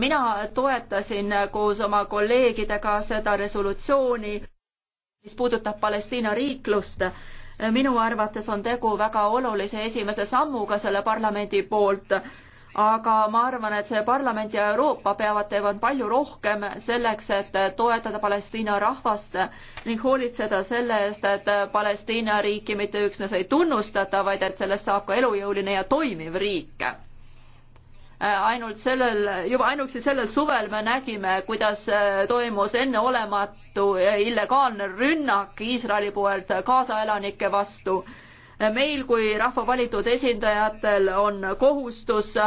mina toetasin äh, koos oma kolleegidega seda resolutsiooni, mis puudutab Palestiina riiklust minu arvates on tegu väga olulise esimese sammuga selle parlamendi poolt, aga ma arvan, et see parlament ja Euroopa peavad tegema palju rohkem selleks, et toetada Palestiina rahvast ning hoolitseda selle eest, et Palestiina riiki mitte üksnes ei tunnustata, vaid et sellest saab ka elujõuline ja toimiv riik Äh, ainult sellel, juba ainuüksi sellel suvel me nägime, kuidas äh, toimus enneolematu illegaalne rünnak Iisraeli poolt Gaza elanike vastu. Äh, meil kui rahva valitud esindajatel on kohustus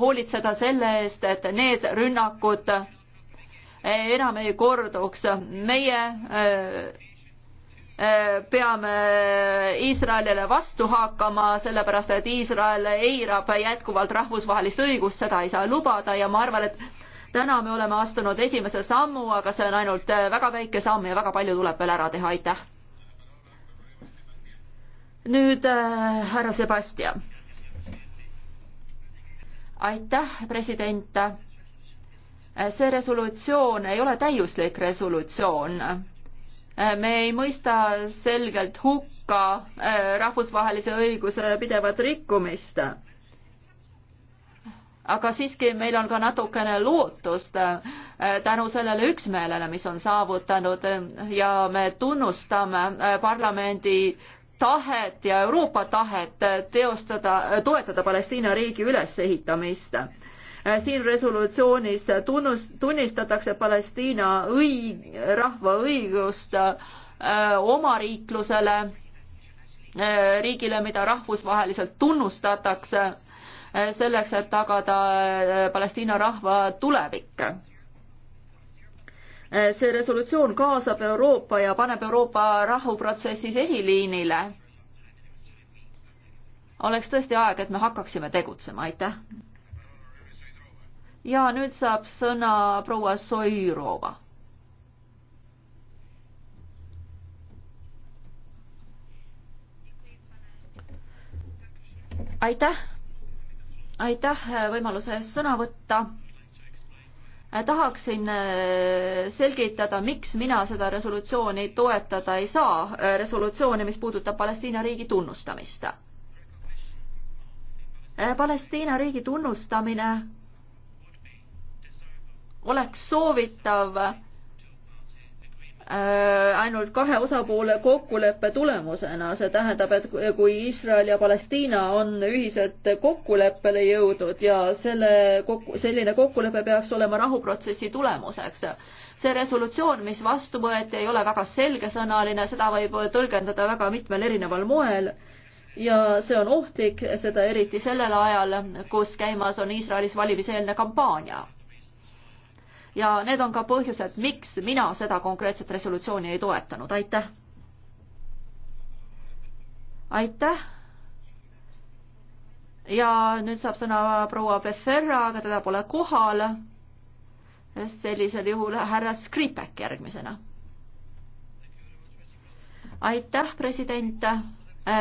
hoolitseda selle eest, et need rünnakud enam ei korduks. meie Äh, peame Iisraelile vastu hakkama, sellepärast et Iisrael eirab jätkuvalt rahvusvahelist õigust, seda ei saa lubada ja ma arvan, et täna me oleme astunud esimese sammu, aga see on ainult äh, väga väike samm ja väga palju tuleb veel ära teha, aitäh. nüüd äh, härra Sebastian. aitäh, president. Äh, see resolutsioon ei ole täiuslik resolutsioon Äh, me ei mõista selgelt hukka äh, rahvusvahelise õiguse pidevat rikkumist aga siiski meil on ka natukene lootust äh, tänu sellele üksmeelele, mis on saavutanud ja me tunnustame parlamendi tahet ja Euroopa tahet teostada, toetada Palestiina riigi ülesehitamist Äh, siin resolutsioonis tunnus, tunnistatakse Palestiina õig-, rahva õigust äh, omariiklusele, äh, riigile, mida rahvusvaheliselt tunnustatakse, selleks, et tagada Palestiina rahva tulevik see resolutsioon kaasab Euroopa ja paneb Euroopa rahuprotsessis esiliinile. oleks tõesti aeg, et me hakkaksime tegutsema, aitäh ja nüüd saab sõna proua Soirova. aitäh, aitäh võimaluse eest sõna võtta tahaksin äh, selgitada, miks mina seda resolutsiooni toetada ei saa, äh, resolutsiooni, mis puudutab Palestiina riigi tunnustamist. Äh, Palestiina riigi tunnustamine oleks soovitav äh, ainult kahe osapoole kokkuleppe tulemusena, see tähendab, et kui Iisrael ja Palestiina on ühiselt kokkuleppele jõudnud ja selle kokku, selline kokkulepe peaks olema rahuprotsessi tulemuseks. see resolutsioon, mis vastu võeti, ei ole väga selgesõnaline, seda võib tõlgendada väga mitmel erineval moel ja see on ohtlik, seda eriti sellel ajal, kus käimas on Iisraelis valimiseelne kampaania ja need on ka põhjused, miks mina seda konkreetset resolutsiooni ei toetanud, aitäh. aitäh. ja nüüd saab sõna proua Becerra, aga teda pole kohal. sellisel juhul härra Skripek järgmisena. aitäh, president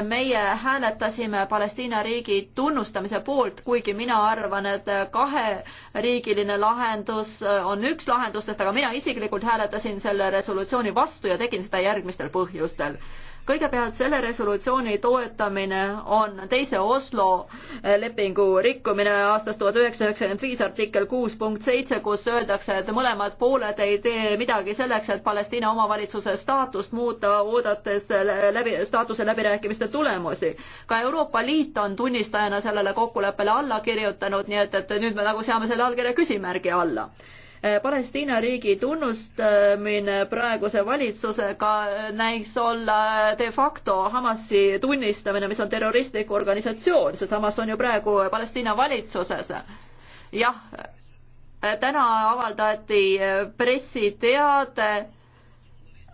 meie hääletasime Palestiina riigi tunnustamise poolt, kuigi mina arvan, et kaheriigiline lahendus on üks lahendustest, aga mina isiklikult hääletasin selle resolutsiooni vastu ja tegin seda järgmistel põhjustel kõigepealt selle resolutsiooni toetamine on teise Oslo eh, lepingu rikkumine aastast tuhat üheksasada üheksakümmend viis artikkel kuus punkt seitse, kus öeldakse, et mõlemad pooled ei tee midagi selleks, et Palestiina omavalitsuse staatust muuta, oodates läbi, staatuse läbirääkimiste tulemusi. ka Euroopa Liit on tunnistajana sellele kokkuleppele alla kirjutanud, nii et, et nüüd me nagu seame selle allkirja küsimärgi alla Palestiina riigi tunnustamine praeguse valitsusega näiks olla de facto Hamasi tunnistamine, mis on terroristlik organisatsioon, sest Hamas on ju praegu Palestiina valitsuses. jah, täna avaldati pressiteade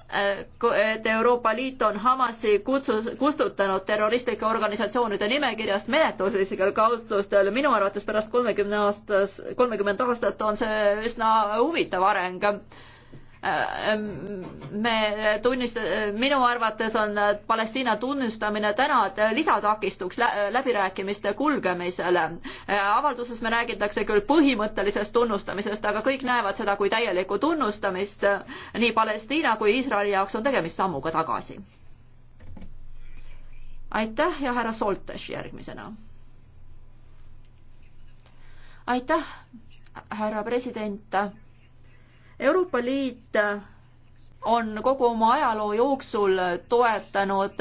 Äh, et Euroopa Liit on Hamasi kutsus, kustutanud terroristlike organisatsioonide nimekirjast menetluslikel kaustlustel. minu arvates pärast kolmekümne aastas, kolmekümmend aastat on see üsna huvitav areng me tunnista-, minu arvates on Palestiina tunnustamine täna lisatakistuks läbirääkimiste kulgemisele. avalduses me räägitakse küll põhimõttelisest tunnustamisest, aga kõik näevad seda kui täielikku tunnustamist. nii Palestiina kui Iisraeli jaoks on tegemist sammuga tagasi. aitäh ja härra Soltes järgmisena. aitäh, härra president Euroopa Liit on kogu oma ajaloo jooksul toetanud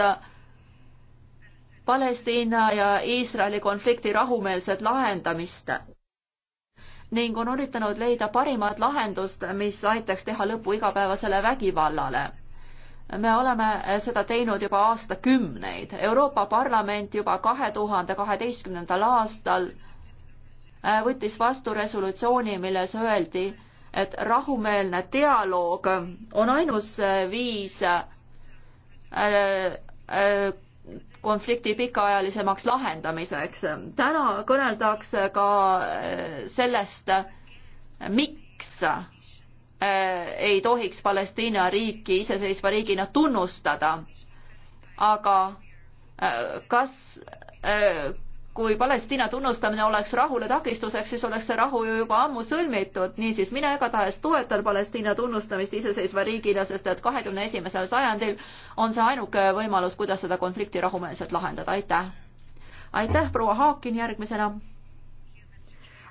Palestiina ja Iisraeli konflikti rahumeelset lahendamist ning on üritanud leida parimat lahendust, mis aitaks teha lõpu igapäevasele vägivallale. me oleme seda teinud juba aastakümneid. Euroopa Parlament juba kahe tuhande kaheteistkümnendal aastal võttis vastu resolutsiooni, milles öeldi, et rahumeelne dialoog on ainus viis äh, äh, konflikti pikaajalisemaks lahendamiseks. täna kõneldakse ka äh, sellest, miks ei tohiks Palestiina riiki iseseisva riigina tunnustada. aga kas kui Palestiina tunnustamine oleks rahule takistuseks, siis oleks see rahu ju juba ammu sõlmitud, niisiis mina igatahes toetan Palestiina tunnustamist iseseisva riigina, sest et kahekümne esimesel sajandil on see ainuke võimalus, kuidas seda konflikti rahumeelselt lahendada, aitäh. aitäh, proua Haakin järgmisena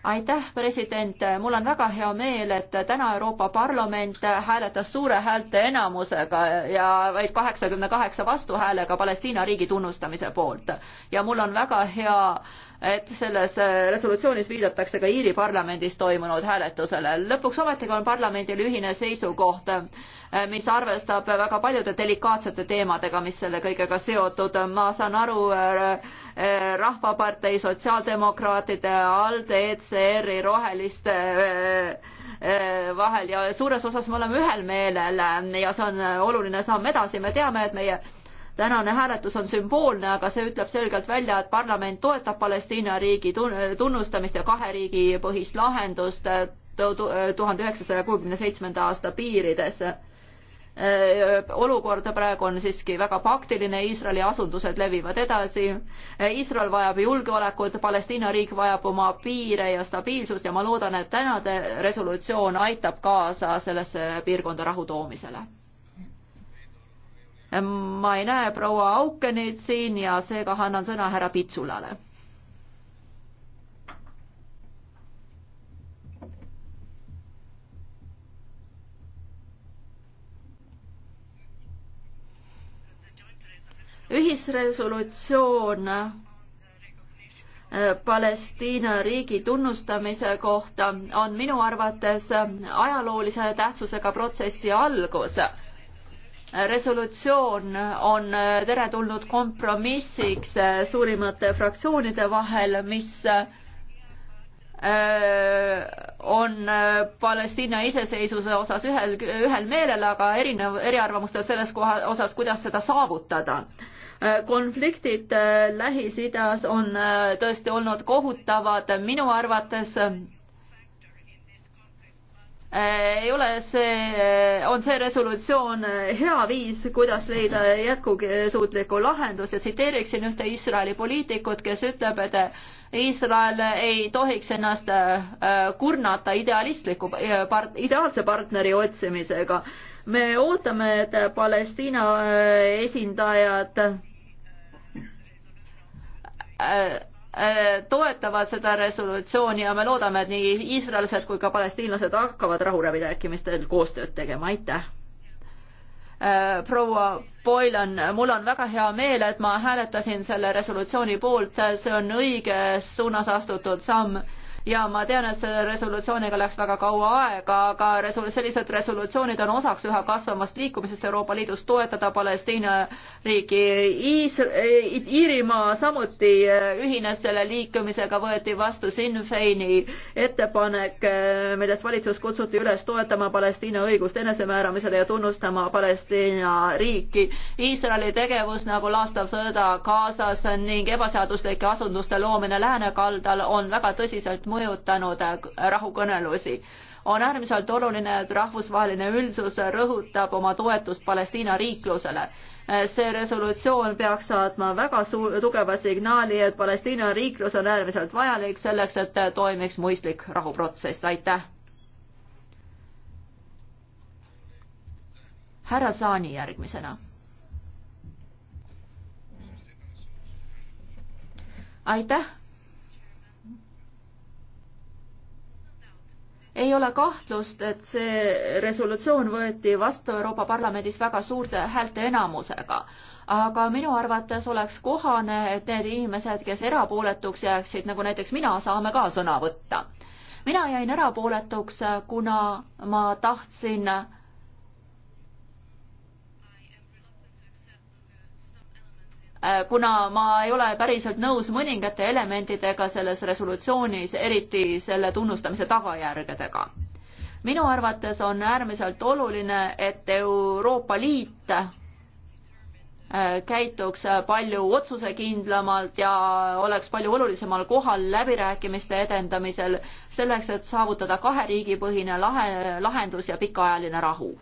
aitäh, president, mul on väga hea meel, et täna Euroopa Parlament hääletas suure häälte enamusega ja vaid kaheksakümne kaheksa vastuhäälega Palestiina riigi tunnustamise poolt ja mul on väga hea et selles äh, resolutsioonis viidatakse ka Iiri parlamendis toimunud hääletusele. lõpuks ometigi on parlamendil ühine seisukoht, äh, mis arvestab väga paljude delikaatsete teemadega, mis selle kõigega seotud. ma saan aru äh, Rahvapartei, Sotsiaaldemokraatide, ALDE, ECR-i, Roheliste vahel ja suures osas me oleme ühel meelel ja see on oluline samm edasi, me teame, et meie tänane hääletus on sümboolne, aga see ütleb selgelt välja, et parlament toetab Palestiina riigi tunnustamist ja kahe riigi põhist lahendust äh, äh, tuhande üheksasaja kuuekümne seitsmenda aasta piirides äh, olukord praegu on siiski väga paktiline, Iisraeli asundused levivad edasi, Iisrael vajab julgeolekut, Palestiina riik vajab oma piire ja stabiilsust ja ma loodan, et tänane resolutsioon aitab kaasa sellesse piirkonda rahu toomisele ma ei näe proua Aukenit siin ja seega annan sõna härra Pitsulale. ühisresolutsioon äh, Palestiina riigi tunnustamise kohta on minu arvates ajaloolise tähtsusega protsessi algus resolutsioon on teretulnud kompromissiks suurimate fraktsioonide vahel, mis äh, on Palestiina iseseisvuse osas ühel, ühel meelel, aga erinev, eriarvamustel selles koha, osas, kuidas seda saavutada. Äh, konfliktid äh, Lähis-Idas on tõesti olnud kohutavad minu arvates Äh, ei ole see, äh, on see resolutsioon äh, hea viis, kuidas leida jätkusuutlikku lahendust ja tsiteeriksin ühte Iisraeli poliitikut, kes ütleb, et Iisrael ei tohiks ennast kurnata idealistliku, ideaalse partneri otsimisega. me ootame, et Palestiina esindajad Äh, toetavad seda resolutsiooni ja me loodame, et nii iisraelsed kui ka palestiinlased hakkavad rahuläbirääkimistel koostööd tegema, aitäh! Äh, proua Boylan, mul on väga hea meel, et ma hääletasin selle resolutsiooni poolt, see on õiges suunas astutud samm ja ma tean, et selle resolutsiooniga läks väga kaua aega, aga resol-, sellised resolutsioonid on osaks üha kasvavast liikumisest Euroopa Liidus toetada Palestiina riiki. Iis-, Iirimaa samuti eh, ühines selle liikumisega, võeti vastu Sinn Feini ettepanek, eh, milles valitsus kutsuti üles toetama Palestiina õigust enesemääramisele ja tunnustama Palestiina riiki. Iisraeli tegevus nagu laastav sõda Gazas ning ebaseaduslike asunduste loomine läänekaldal on väga tõsiselt mõjutanud äh, rahukõnelusi. on äärmiselt oluline, et rahvusvaheline üldsus rõhutab oma toetust Palestiina riiklusele äh, see resolutsioon peaks saatma väga suur, tugeva signaali, et Palestiina riiklus on äärmiselt vajalik selleks, et äh, toimiks mõistlik rahuprotsess, aitäh. härra Saani järgmisena. aitäh ei ole kahtlust, et see resolutsioon võeti vastu Euroopa Parlamendis väga suurte häälteenamusega. aga minu arvates oleks kohane, et need inimesed, kes erapooletuks jääksid, nagu näiteks mina, saame ka sõna võtta. mina jäin erapooletuks, kuna ma tahtsin äh, Äh, kuna ma ei ole päriselt nõus mõningate elementidega selles resolutsioonis, eriti selle tunnustamise tagajärgedega. minu arvates on äärmiselt oluline, et Euroopa Liit äh, käituks palju otsusekindlamalt ja oleks palju olulisemal kohal läbirääkimiste edendamisel, selleks et saavutada kahe riigi põhine lahe, lahendus ja pikaajaline rahu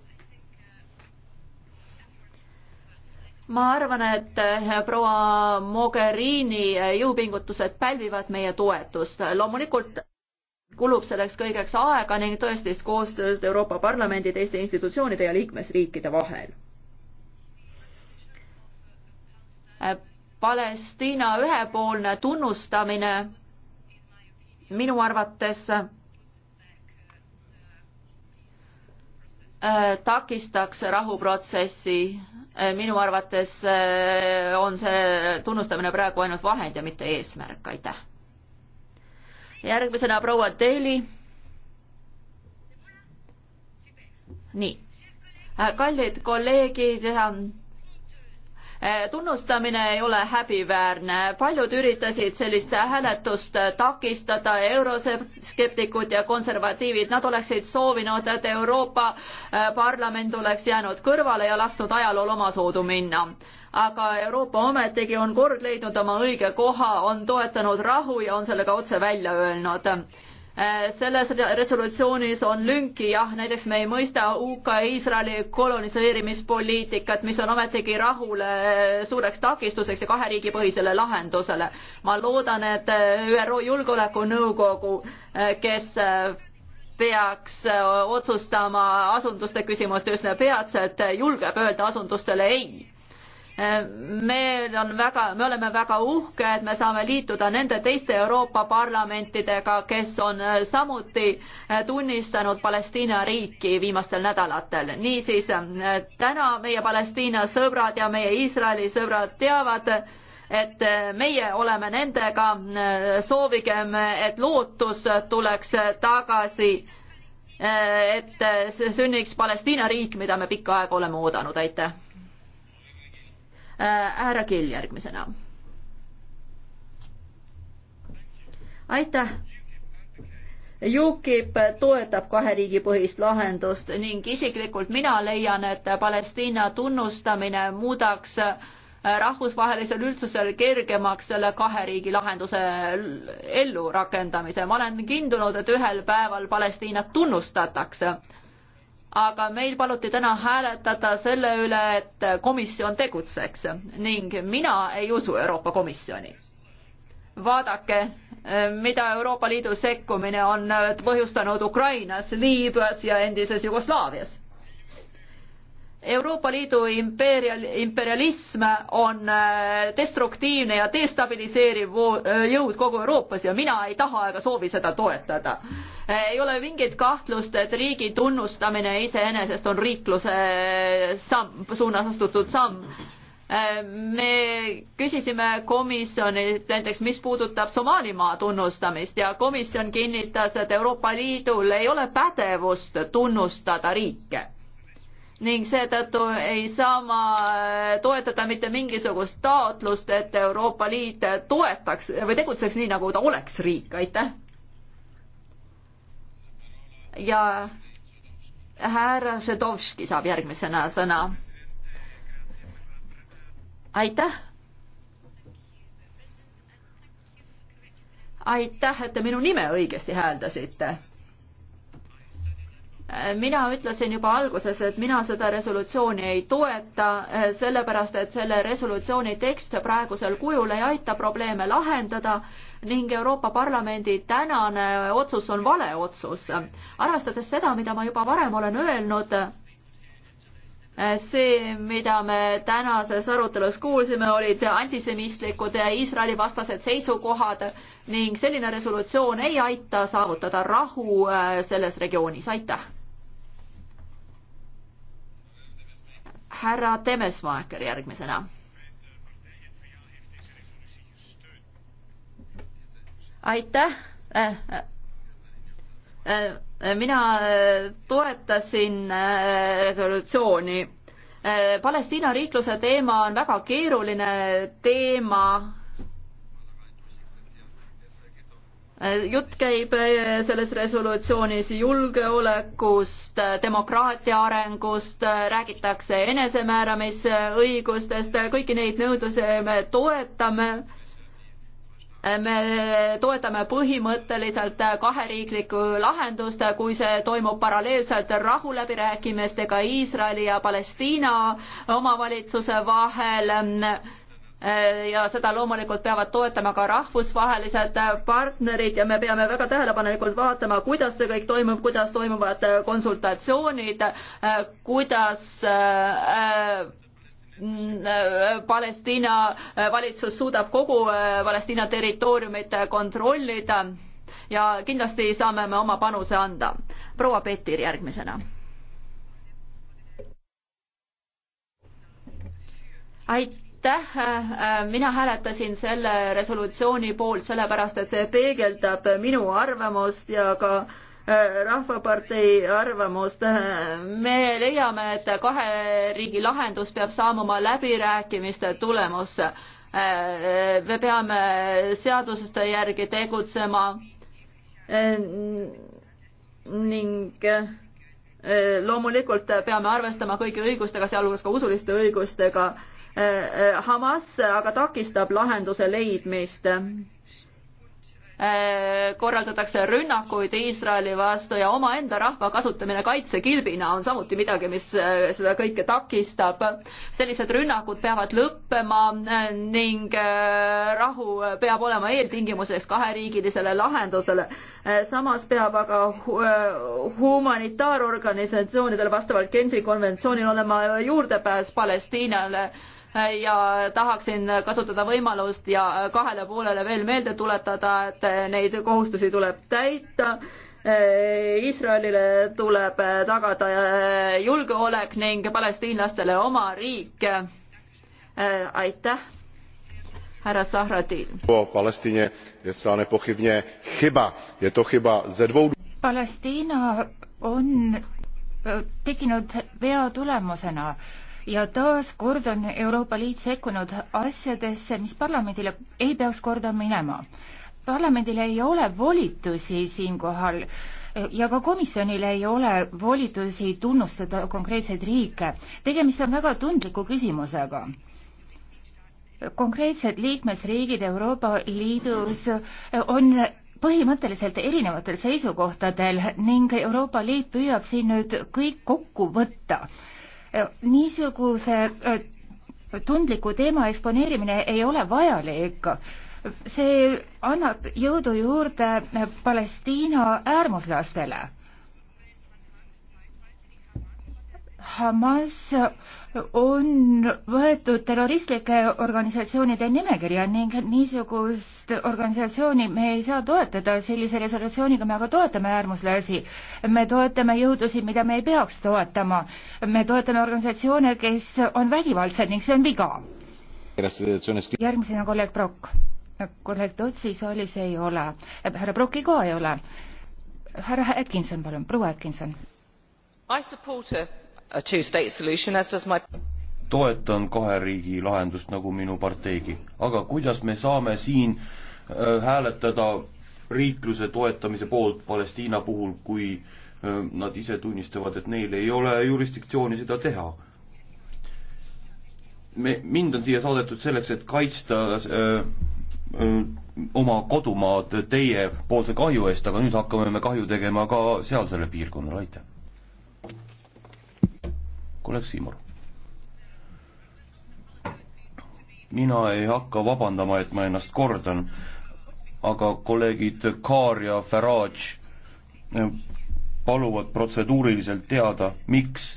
ma arvan, et eh, proua Mogherini eh, jõupingutused pälvivad meie toetust. loomulikult kulub selleks kõigeks aega ning tõestist koostööst Euroopa Parlamendi teiste institutsioonide ja liikmesriikide vahel. Eh, Palestiina ühepoolne tunnustamine minu arvates Äh, takistaks rahuprotsessi. Äh, minu arvates äh, on see tunnustamine praegu ainult vahend ja mitte eesmärk, aitäh. järgmisena proua Teli. nii, kallid kolleegid Eh, tunnustamine ei ole häbiväärne. paljud üritasid sellist hääletust takistada, euroskeptikud ja konservatiivid, nad oleksid soovinud, et Euroopa eh, Parlament oleks jäänud kõrvale ja lasknud ajalool omasoodu minna aga Euroopa ometigi on kord leidnud oma õige koha, on toetanud rahu ja on selle ka otse välja öelnud Äh, selles resolutsioonis on lünki, jah, näiteks me ei mõista UK Iisraeli koloniseerimispoliitikat, mis on ometigi rahule äh, suureks takistuseks ja kahe riigi põhisele lahendusele. ma loodan, et äh, ÜRO Julgeolekunõukogu, kes peaks otsustama asunduste küsimust üsna peatselt, julgeb öelda asundustele ei meil on väga, me oleme väga uhke, et me saame liituda nende teiste Euroopa parlamentidega, kes on äh, samuti äh, tunnistanud Palestiina riiki viimastel nädalatel. niisiis, äh, täna meie Palestiina sõbrad ja meie Iisraeli sõbrad teavad, et meie oleme nendega, soovigem, et lootus tuleks tagasi, et sünniks Palestiina riik, mida me pikka aega oleme oodanud, aitäh! Äh, härra Kill järgmisena. aitäh. UKIP toetab kahe riigi põhist lahendust ning isiklikult mina leian, et Palestiina tunnustamine muudaks rahvusvahelisel üldsusel kergemaks selle kahe riigi lahenduse ellurakendamise. ma olen kindlunud, et ühel päeval Palestiinat tunnustatakse aga meil paluti täna hääletada selle üle, et komisjon tegutseks ning mina ei usu Euroopa Komisjoni. vaadake, mida Euroopa Liidu sekkumine on põhjustanud Ukrainas, Liibüas ja endises Jugoslaavias Euroopa Liidu imperial, imperialism on äh, destruktiivne ja destabiliseeriv äh, jõud kogu Euroopas ja mina ei taha ega soovi seda toetada. Äh, ei ole mingit kahtlust, et riigi tunnustamine iseenesest on riikluse samm, suunas astutud samm. me küsisime komisjonilt näiteks, mis puudutab Somaalimaa tunnustamist ja komisjon kinnitas, et Euroopa Liidul ei ole pädevust tunnustada riike ning seetõttu ei saa ma äh, toetada mitte mingisugust taotlust, et Euroopa Liit toetaks või tegutseks nii, nagu ta oleks riik, aitäh. ja härra Žedovski saab järgmisena sõna. aitäh. aitäh, et te minu nime õigesti hääldasite mina ütlesin juba alguses, et mina seda resolutsiooni ei toeta, eh, sellepärast et selle resolutsiooni tekst praegusel kujul ei aita probleeme lahendada ning Euroopa Parlamendi tänane otsus on vale otsus. arvestades seda, mida ma juba varem olen öelnud, eh, see, mida me tänases arutelus kuulsime, olid antisemistlikud Iisraeli vastased seisukohad ning selline resolutsioon ei aita saavutada rahu eh, selles regioonis, aitäh! härra Temesmaeker järgmisena. aitäh äh, äh, äh, mina toetasin resolutsiooni. Palestiina riikluse teema on väga keeruline teema jutt käib äh, selles resolutsioonis julgeolekust, äh, demokraatia arengust, äh, räägitakse enesemääramisõigustest, kõiki neid nõudlusi me toetame. me toetame põhimõtteliselt kaheriiklikku lahendust, kui see toimub paralleelselt rahuläbirääkimistega Iisraeli ja Palestiina omavalitsuse vahel Äh, ja seda loomulikult peavad toetama ka rahvusvahelised äh, partnerid ja me peame väga tähelepanelikult vaatama, kuidas see kõik toimub, kuidas toimuvad äh, konsultatsioonid, kuidas mm, Palestiina valitsus suudab kogu Palestiina territooriumit kontrollida ja kindlasti saame me oma panuse anda. proua Petir järgmisena. aitäh aitäh, äh, mina hääletasin selle resolutsiooni poolt, sellepärast et see peegeldab minu arvamust ja ka äh, Rahvapartei arvamust. Äh, me leiame, et kahe riigi lahendus peab saamuma läbirääkimiste tulemus. me peame seaduste järgi tegutsema ning loomulikult peame arvestama kõigi õigustega, sealhulgas ka usuliste õigustega Äh, äh, Hamas aga takistab lahenduse leidmist äh, korraldatakse rünnakuid Iisraeli vastu ja omaenda rahva kasutamine kaitsekilbina on samuti midagi, mis seda kõike takistab. sellised rünnakud peavad lõppema ning rahu peab olema eeltingimuseks kaheriigilisele lahendusele. samas peab aga humanitaarorganisatsioonidel vastavalt Genfi konventsioonil olema juurdepääs Palestiinale ja tahaksin kasutada võimalust ja kahele poolele veel meelde tuletada, et neid kohustusi tuleb täita. Iisraelile tuleb tagada julgeolek ning palestiinlastele oma riik. aitäh, härra Sahradil. Palestiinie je zcela nepochybně chyba, je to chyba ze dvou. Palestiina on eh, tekkinud vea tulemusena ja taaskord on Euroopa Liit sekkunud asjadesse, mis parlamendile ei peaks korda minema. parlamendil ei ole volitusi siinkohal ja ka komisjonil ei ole volitusi tunnustada konkreetseid riike. tegemist on väga tundliku küsimusega konkreetsed liikmesriigid Euroopa Liidus on põhimõtteliselt erinevatel seisukohtadel ning Euroopa Liit püüab siin nüüd kõik kokku võtta Äh, niisuguse äh, tundliku teema eksponeerimine ei ole vajalik. see annab jõudu juurde äh, Palestiina äärmuslastele Hamas on võetud terroristlike organisatsioonide nimekirja ning niisugust organisatsiooni me ei saa toetada, sellise resolutsiooniga me aga toetame äärmuslasi. me toetame jõudusid, mida me ei peaks toetama. me toetame organisatsioone, kes on vägivaldsed ning see on viga. järgmisena kolleeg Brock. kolleeg Tootsi saalis ei ole, härra Brocki ka ei ole. härra Atkinson, palun, proua Atkinson. I support her toetan kahe riigi lahendust nagu minu parteigi, aga kuidas me saame siin äh, hääletada riikluse toetamise poolt Palestiina puhul, kui äh, nad ise tunnistavad, et neil ei ole jurisdiktsiooni seda teha. me, mind on siia saadetud selleks, et kaitsta öö, äh, öö, oma kodumaad teiepoolse kahju eest, aga nüüd hakkame me kahju tegema ka sealsele piirkonnale, aitäh! kolleeg Siimur. mina ei hakka vabandama, et ma ennast kordan, aga kolleegid Kaar ja Farage eh, paluvad protseduuriliselt teada, miks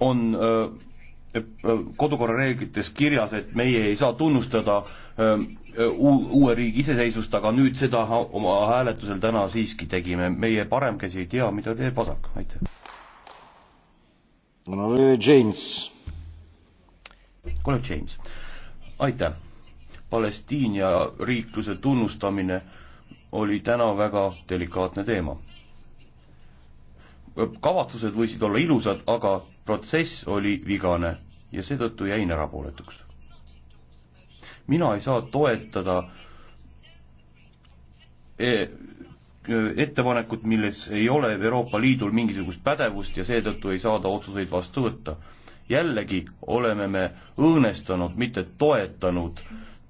on eh, eh, kodukorra reeglites kirjas, et meie ei saa tunnustada uue riigi iseseisvust, aga nüüd seda oma hääletusel täna siiski tegime, meie parem käsi ei tea, mida teeb vasak, aitäh. Honorable James. kolleeg James, aitäh. Palestiinia riikluse tunnustamine oli täna väga delikaatne teema. kavatsused võisid olla ilusad, aga protsess oli vigane ja seetõttu jäin erapooletuks. mina ei saa toetada eh, Äh, ettepanekut, milles ei ole Euroopa Liidul mingisugust pädevust ja seetõttu ei saa ta otsuseid vastu võtta. jällegi oleme me õõnestanud, mitte toetanud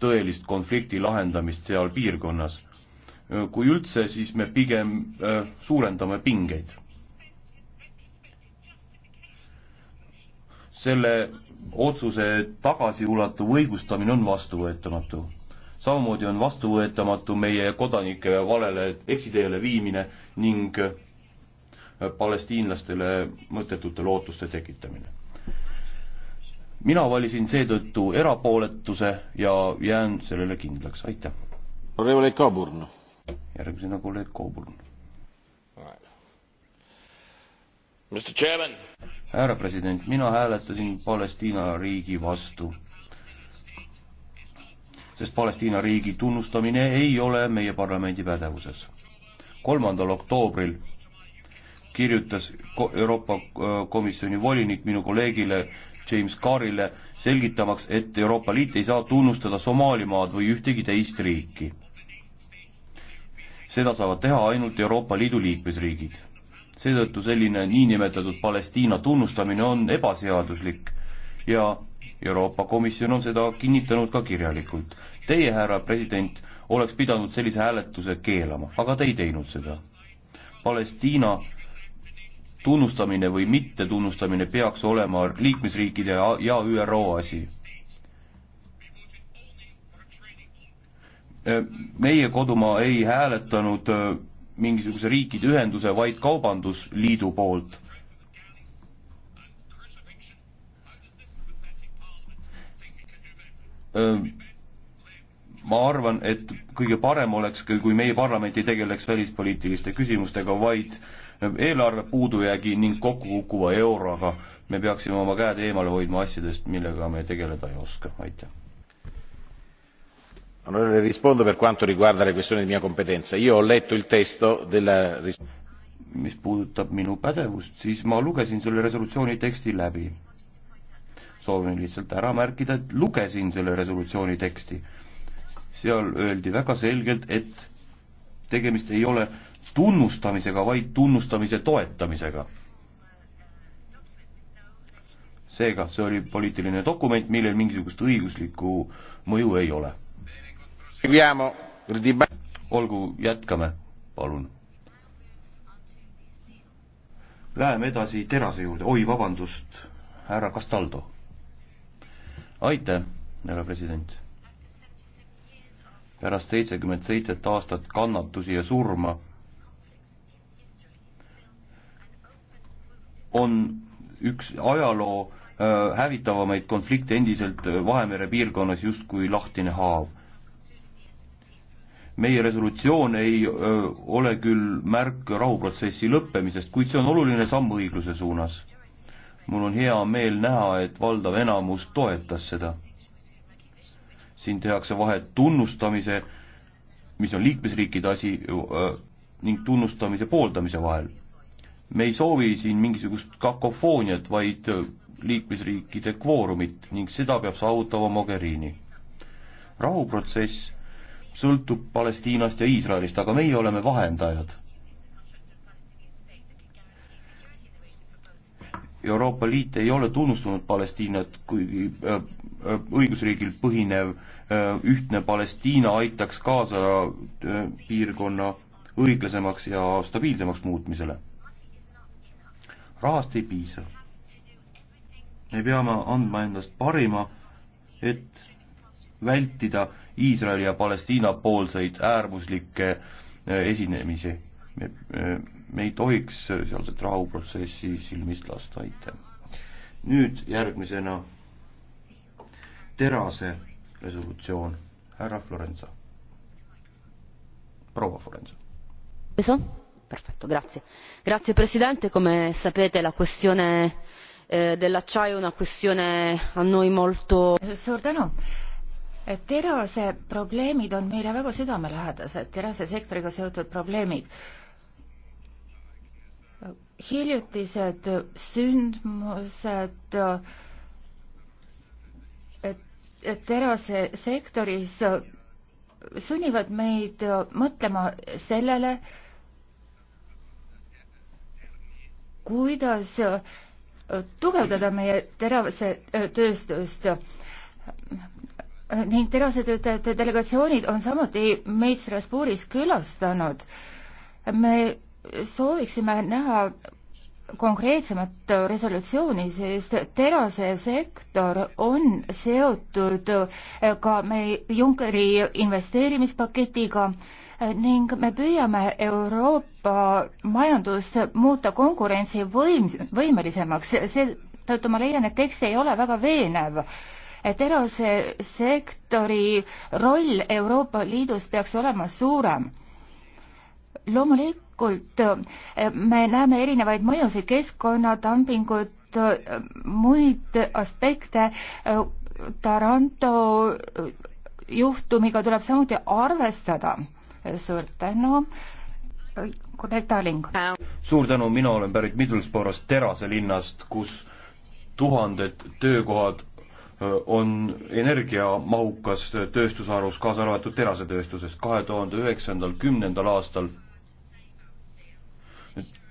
tõelist konflikti lahendamist seal piirkonnas. Äh, kui üldse, siis me pigem äh, suurendame pingeid. selle otsuse tagasiulatuv õigustamine on vastuvõetamatu samamoodi on vastuvõetamatu meie kodanike valele eksiteele viimine ning äh, palestiinlastele mõttetute lootuste tekitamine. mina valisin seetõttu erapooletuse ja jään sellele kindlaks, aitäh. järgmisena kolleeg Coburn. härra president, mina hääletasin Palestiina riigi vastu sest Palestiina riigi tunnustamine ei ole meie parlamendi pädevuses. kolmandal oktoobril kirjutas Euroopa äh, Komisjoni volinik minu kolleegile James Carrile selgitamaks, et Euroopa Liit ei saa tunnustada Somaalimaad või ühtegi teist riiki. seda saavad teha ainult Euroopa Liidu liikmesriigid. seetõttu selline niinimetatud Palestiina tunnustamine on ebaseaduslik ja Euroopa Komisjon on seda kinnitanud ka kirjalikult. Teie, härra president, oleks pidanud sellise hääletuse keelama, aga te ei teinud seda. Palestiina tunnustamine või mittetunnustamine peaks olema liikmesriikide ja, ja ÜRO asi. Äh, meie kodumaa ei hääletanud äh, mingisuguse riikide ühenduse, vaid Kaubandusliidu poolt ma arvan, et kõige parem oleks, kui meie parlament ei tegeleks välispoliitiliste küsimustega, vaid eelarve puudujäägi ning kokkukukkuva euroga. me peaksime oma käed eemale hoidma asjadest, millega me tegeleda ei oska, aitäh. Onorevole, rispondo per quanto riguarda le questioni di mia competenza. Io ho letto il testo della mis puudutab minu pädevust, siis ma lugesin selle resolutsiooni teksti läbi soovin lihtsalt ära märkida, et lugesin selle resolutsiooni teksti. seal öeldi väga selgelt, et tegemist ei ole tunnustamisega, vaid tunnustamise toetamisega. seega, see oli poliitiline dokument, millel mingisugust õiguslikku mõju ei ole. olgu, jätkame, palun. Läheme edasi terase juurde, oi vabandust, härra Castaldo aitäh, härra president. pärast seitsekümmend seitset aastat kannatusi ja surma on üks ajaloo äh, hävitavamaid konflikte endiselt Vahemere piirkonnas justkui lahtine haav. meie resolutsioon ei öö, äh, ole küll märk rahuprotsessi lõppemisest, kuid see on oluline samm õigluse suunas mul on hea meel näha, et valdav enamus toetas seda. siin tehakse vahet tunnustamise, mis on liikmesriikide asi, äh, ning tunnustamise pooldamise vahel. me ei soovi siin mingisugust kakofooniat, vaid liikmesriikide kvoorumit ning seda peab saavutama Mogherini. rahuprotsess sõltub Palestiinast ja Iisraelist, aga meie oleme vahendajad Euroopa Liit ei ole tunnustanud Palestiinat, kuigi äh, äh, õigusriigil põhinev äh, ühtne Palestiina aitaks kaasa piirkonna õiglasemaks ja stabiilsemaks muutmisele. rahast ei piisa. me peame andma endast parima, et vältida Iisraeli ja Palestiina poolseid äärmuslikke esinemisi. me me ei tohiks sealset rahuprotsessi silmist lasta, aitäh. nüüd järgmisena terase resolutsioon, härra Florenza, proua Florenza. Perfetto, grazie. Grazie Presidente, come sapete la questione eh, dell'acciaio è una questione a noi molto... Suur tänu terase probleemid on meile väga südamelähedased, terasesektoriga seotud probleemid hiljutised sündmused terasesektoris sunnivad meid mõtlema sellele, kuidas tugevdada meie terasetööstust ning terasetöötajate delegatsioonid on samuti meid Strasbourgis külastanud. me sooviksime näha konkreetsemat resolutsiooni, sest terasesektor on seotud ka meie Junckeri investeerimispaketiga ning me püüame Euroopa majandust muuta konkurentsivõim-, võimelisemaks, seetõttu ma leian, et tekst ei ole väga veenev terasesektori roll Euroopa Liidus peaks olema suurem. loomulikult loomulikult eh, me näeme erinevaid mõjusid, keskkonnadumpingut, eh, muid aspekte. Eh, Taranto juhtumiga tuleb samuti arvestada. suur tänu. kolleeg Taling. suur tänu, mina olen pärit Middlesbrough'st, Terase linnast, kus tuhanded töökohad on energiamahukas tööstusharus, kaasa arvatud terasetööstuses. kahe tuhande üheksandal, kümnendal aastal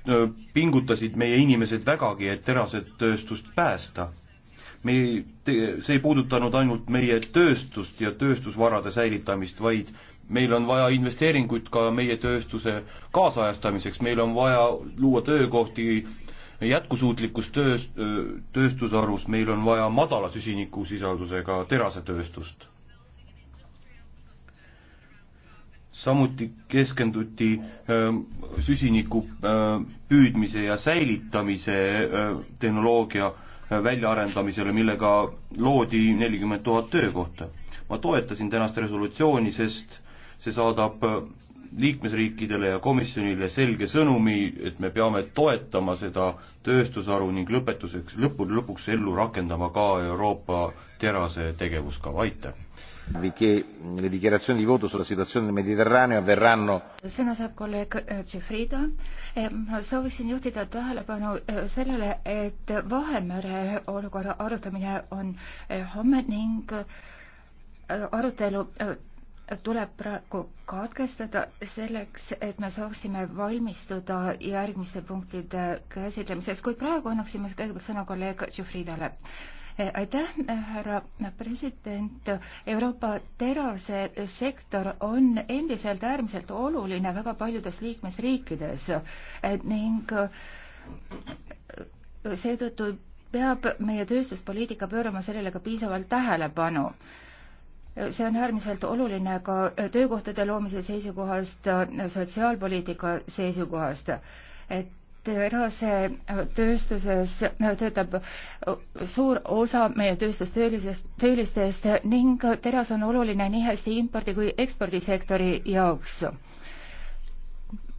Äh, pingutasid meie inimesed vägagi, et terasetööstust päästa. me ei, see ei puudutanud ainult meie tööstust ja tööstusvarade säilitamist, vaid meil on vaja investeeringuid ka meie tööstuse kaasajastamiseks, meil on vaja luua töökohti jätkusuutlikus töös, tööstusharus, meil on vaja madala süsinikusisaldusega terasetööstust samuti keskenduti ähm, süsiniku ähm, püüdmise ja säilitamise äh, tehnoloogia äh, väljaarendamisele, millega loodi nelikümmend tuhat töökohta. ma toetasin tänast resolutsiooni, sest see saadab äh, liikmesriikidele ja komisjonile selge sõnumi, et me peame toetama seda tööstusharu ning lõpetuseks, lõppude lõpuks ellu rakendama ka Euroopa terase tegevuskava, aitäh! sõna saab kolleeg Tšefrida. ma sooviksin juhtida tähelepanu sellele, et Vahemere olukorra arutamine on homme ning arutelu tuleb praegu katkestada selleks, et me saaksime valmistuda järgmiste punktide käsitlemiseks, kuid praegu annaksime kõigepealt sõna kolleeg Tšufridale aitäh, härra president. Euroopa terasesektor on endiselt äärmiselt oluline väga paljudes liikmesriikides ning seetõttu peab meie tööstuspoliitika pöörama sellele ka piisavalt tähelepanu see on äärmiselt oluline ka töökohtade loomise seisukohast, sotsiaalpoliitika seisukohast. et terasetööstuses töötab suur osa meie tööstustöölisest, töölistest ning teras on oluline nii hästi impordi kui ekspordisektori jaoks.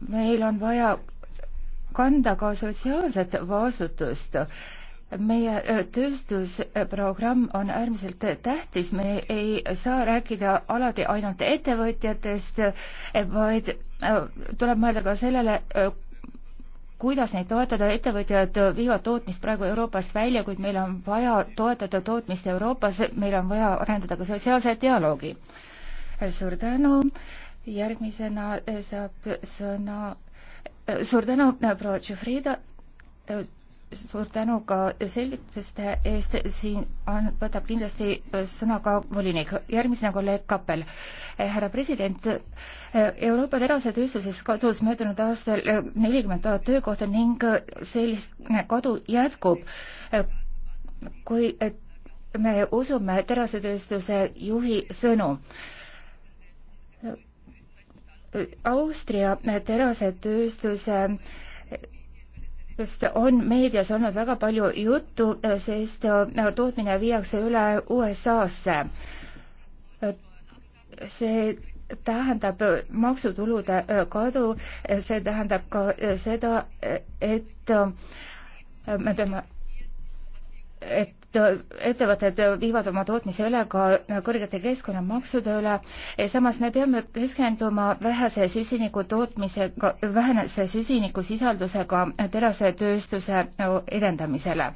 meil on vaja kanda ka sotsiaalset vastutust. meie tööstusprogramm on äärmiselt tähtis, me ei saa rääkida alati ainult ettevõtjatest, vaid tuleb mõelda ka sellele, kuidas neid toetada, ettevõtjad viivad tootmist praegu Euroopast välja, kuid meil on vaja toetada tootmist Euroopas, meil on vaja arendada ka sotsiaalset dialoogi. suur tänu, järgmisena eh, saab sõna, eh, suur tänu, eh, proua Tšufrida, suur tänu ka selgituste eest, siin on, võtab kindlasti sõna ka volinik. järgmisena kolleeg Kappel. härra president, Euroopa terasetööstuses kadus möödunud aastal nelikümmend tuhat töökohta ning sellist kadu jätkub. kui me usume terasetööstuse juhi sõnu Austria terasetööstuse sest on meedias olnud väga palju juttu, eh, sest eh, tootmine viiakse üle USA-sse. see tähendab maksutulude eh, kadu, see tähendab ka seda, et me peame, et ettevõtted viivad oma tootmise üle ka kõrgete keskkonnamaksude üle. samas me peame keskenduma vähese süsiniku tootmisega, vähese süsinikusisaldusega terasetööstuse edendamisele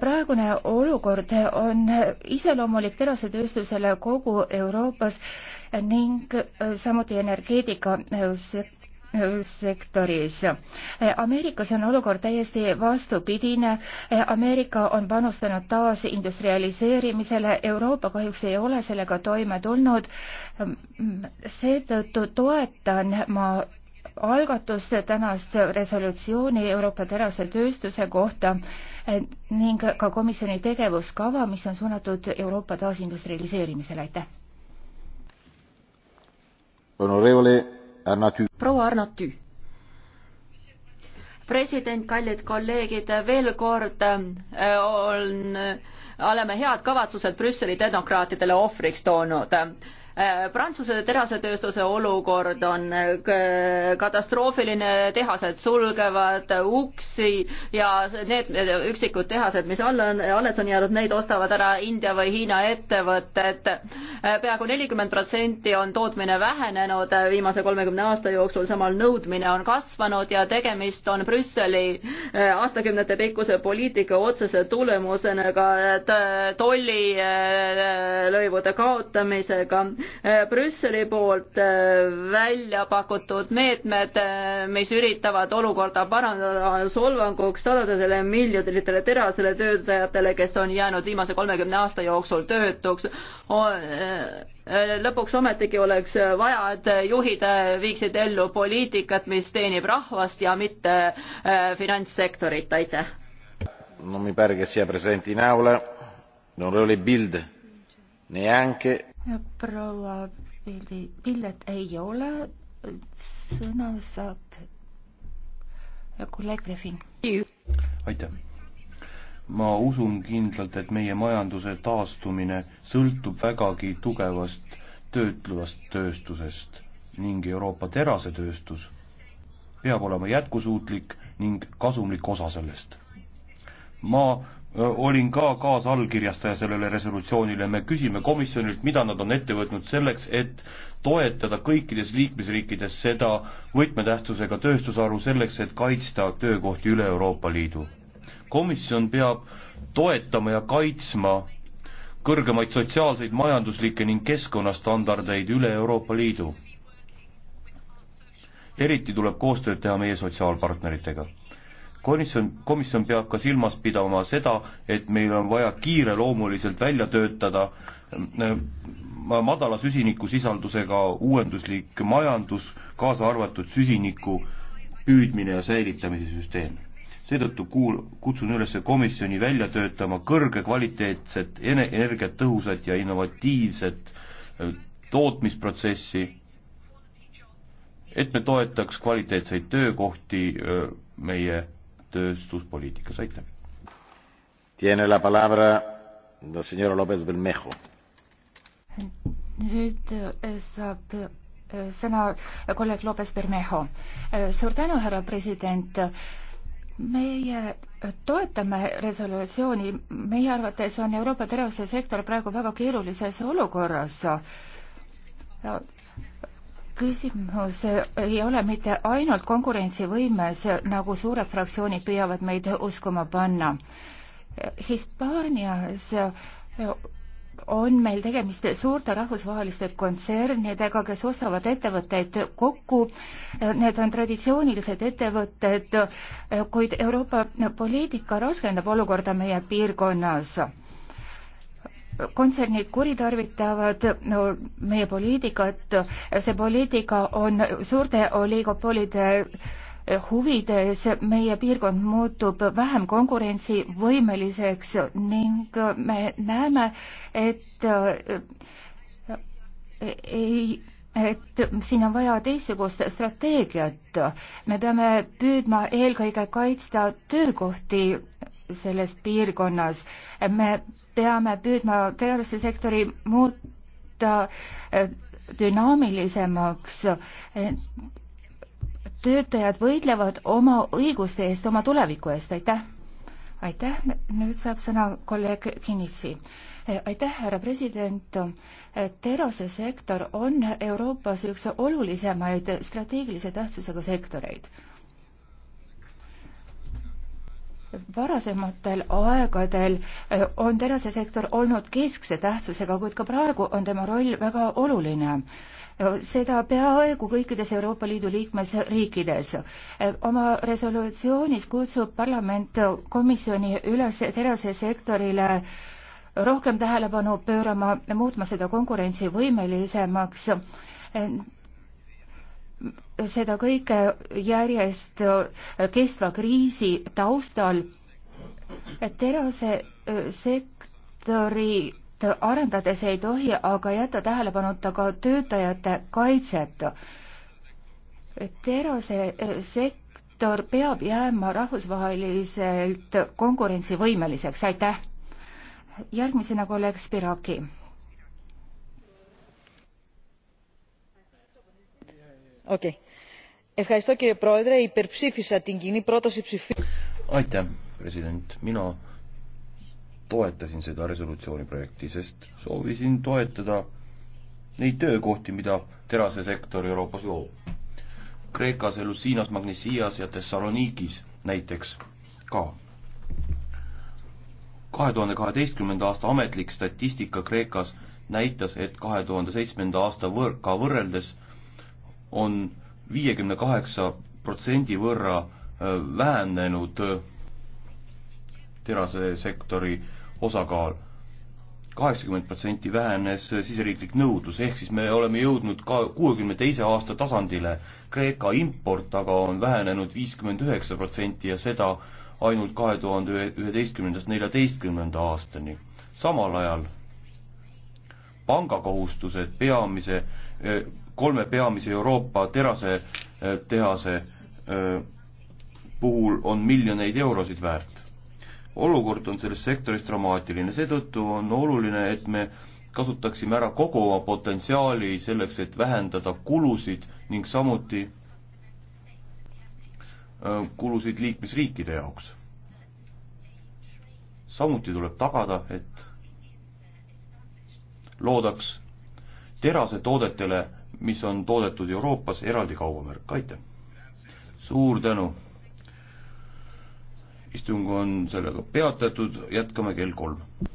praegune olukord on iseloomulik terasetööstusele kogu Euroopas ning samuti energeetikasektorile sektoris. Ameerikas on olukord täiesti vastupidine. Ameerika on panustanud taas industrialiseerimisele, Euroopa kahjuks ei ole sellega toime tulnud. seetõttu toetan ma algatust tänast resolutsiooni Euroopa terase tööstuse kohta ning ka komisjoni tegevuskava, mis on suunatud Euroopa taasindustrialiseerimisele, aitäh! Honorevole proua Arnatü. president, kallid kolleegid, veel kord äh, on, äh, oleme head kavatsused Brüsseli tehnokraatidele ohvriks toonud Prantsuse terasetööstuse olukord on äh, katastroofiline, tehased sulgevad uksi ja need üksikud tehased, mis alla on, alles on jäänud, neid ostavad ära India või Hiina ettevõtted. Äh, peaaegu nelikümmend protsenti on tootmine vähenenud äh, viimase kolmekümne aasta jooksul, samal nõudmine on kasvanud ja tegemist on Brüsseli aastakümnete pikkuse poliitika otsese tulemusena ka tolli lõivude kaotamisega Äh, Brüsseli poolt äh, välja pakutud meetmed, äh, mis üritavad olukorda parandada solvanguks sadadele miljonitele terasele töötajatele, kes on jäänud viimase kolmekümne aasta jooksul töötuks. lõpuks ometigi oleks vaja, et juhid viiksid ellu poliitikat, mis teenib rahvast ja mitte finantssektorit, aitäh. non mi pare che sia presente in aula l'onorevole bild neanche proua Pildi, Pillet ei ole, sõna saab kolleeg Brefin. aitäh. ma usun kindlalt, et meie majanduse taastumine sõltub vägagi tugevast töötlevast tööstusest ning Euroopa terasetööstus peab olema jätkusuutlik ning kasumlik osa sellest. ma olin ka kaasallkirjastaja sellele resolutsioonile, me küsime komisjonilt, mida nad on ette võtnud selleks, et toetada kõikides liikmesriikides seda võtmetähtsusega tööstusharu selleks, et kaitsta töökohti üle Euroopa Liidu. komisjon peab toetama ja kaitsma kõrgemaid sotsiaalseid, majanduslikke ning keskkonnastandardeid üle Euroopa Liidu. eriti tuleb koostööd teha meie sotsiaalpartneritega komisjon, komisjon peab ka silmas pidama seda, et meil on vaja kiireloomuliselt välja töötada äh, madala süsinikusisaldusega uuenduslik majandus, kaasa arvatud süsiniku püüdmine ja säilitamise süsteem. seetõttu kuul-, kutsun üles komisjoni välja töötama kõrge kvaliteetset, energiat tõhusat ja innovatiivset äh, tootmisprotsessi, et me toetaks kvaliteetseid töökohti äh, meie tööstuspoliitikas, aitäh. Tiene la palabra la señora López Belmejo. nüüd eh, saab eh, sõna kolleeg López Bermejo. Eh, suur tänu, härra president. meie toetame resolutsiooni, meie arvates on Euroopa tervisesektor praegu väga keerulises olukorras küsimus ei ole mitte ainult konkurentsivõimes, nagu suured fraktsioonid püüavad meid uskuma panna. Hispaanias on meil tegemist suurte rahvusvaheliste kontsernidega, kes ostavad ettevõtteid kokku. Need on traditsioonilised ettevõtted, kuid Euroopa poliitika raskendab olukorda meie piirkonnas kontsernid kuritarvitavad no, meie poliitikat, see poliitika on suurte oligopolide huvides, meie piirkond muutub vähem konkurentsivõimeliseks ning me näeme, et ei et siin on vaja teistsugust strateegiat. me peame püüdma eelkõige kaitsta töökohti selles piirkonnas. me peame püüdma tervisesektori muuta e, dünaamilisemaks. E, töötajad võitlevad oma õiguste eest, oma tuleviku eest, aitäh! aitäh, nüüd saab sõna kolleeg Kinnitsi. E, aitäh, härra president. terrasesektor on Euroopas üks olulisemaid strateegilise tähtsusega sektoreid varasematel aegadel eh, on terasesektor olnud keskse tähtsusega, kuid ka praegu on tema roll väga oluline. Eh, seda peaaegu kõikides Euroopa Liidu liikmesriikides. Eh, oma resolutsioonis kutsub parlament komisjoni üles terasesektorile rohkem tähelepanu pöörama, muutma seda konkurentsivõimelisemaks seda kõike järjest äh, kestva kriisi taustal terasesektorit äh, arendades ei tohi aga jätta tähelepanuta ka töötajate kaitset. terasesektor äh, peab jääma rahvusvaheliselt konkurentsivõimeliseks, aitäh! järgmisena kolleeg Spiraki Okay. aitäh president mina toetasin seda resolutsiooni projekti sest soovisin toetada neid töökohti mida terasesektor euroopas loob kreekas elusinas magnesias ja thessalonikis näiteks ka kahe tuhande kaheteistkümnenda aasta ametlik statistika kreekas näitas et kahe tuhande seitsmenda aasta võr- ka võrreldes on viiekümne kaheksa protsendi võrra äh, vähenenud äh, terasesektori osakaal. kaheksakümmend protsenti vähenes äh, siseriiklik nõudlus, ehk siis me oleme jõudnud ka kuuekümne teise aasta tasandile. Kreeka import aga on vähenenud viiskümmend üheksa protsenti ja seda ainult kahe tuhande üheteistkümnendast neljateistkümnenda aastani. samal ajal pangakohustused peamise kolme peamise Euroopa terasetehase eh, eh, puhul on miljoneid eurosid väärt. olukord on selles sektoris dramaatiline, seetõttu on oluline, et me kasutaksime ära kogu oma potentsiaali selleks, et vähendada kulusid ning samuti eh, kulusid liikmesriikide jaoks. samuti tuleb tagada, et loodaks terasetoodetele mis on toodetud Euroopas, eraldi kaubamärk, aitäh! suur tänu! istung on sellega peatatud, jätkame kell kolm.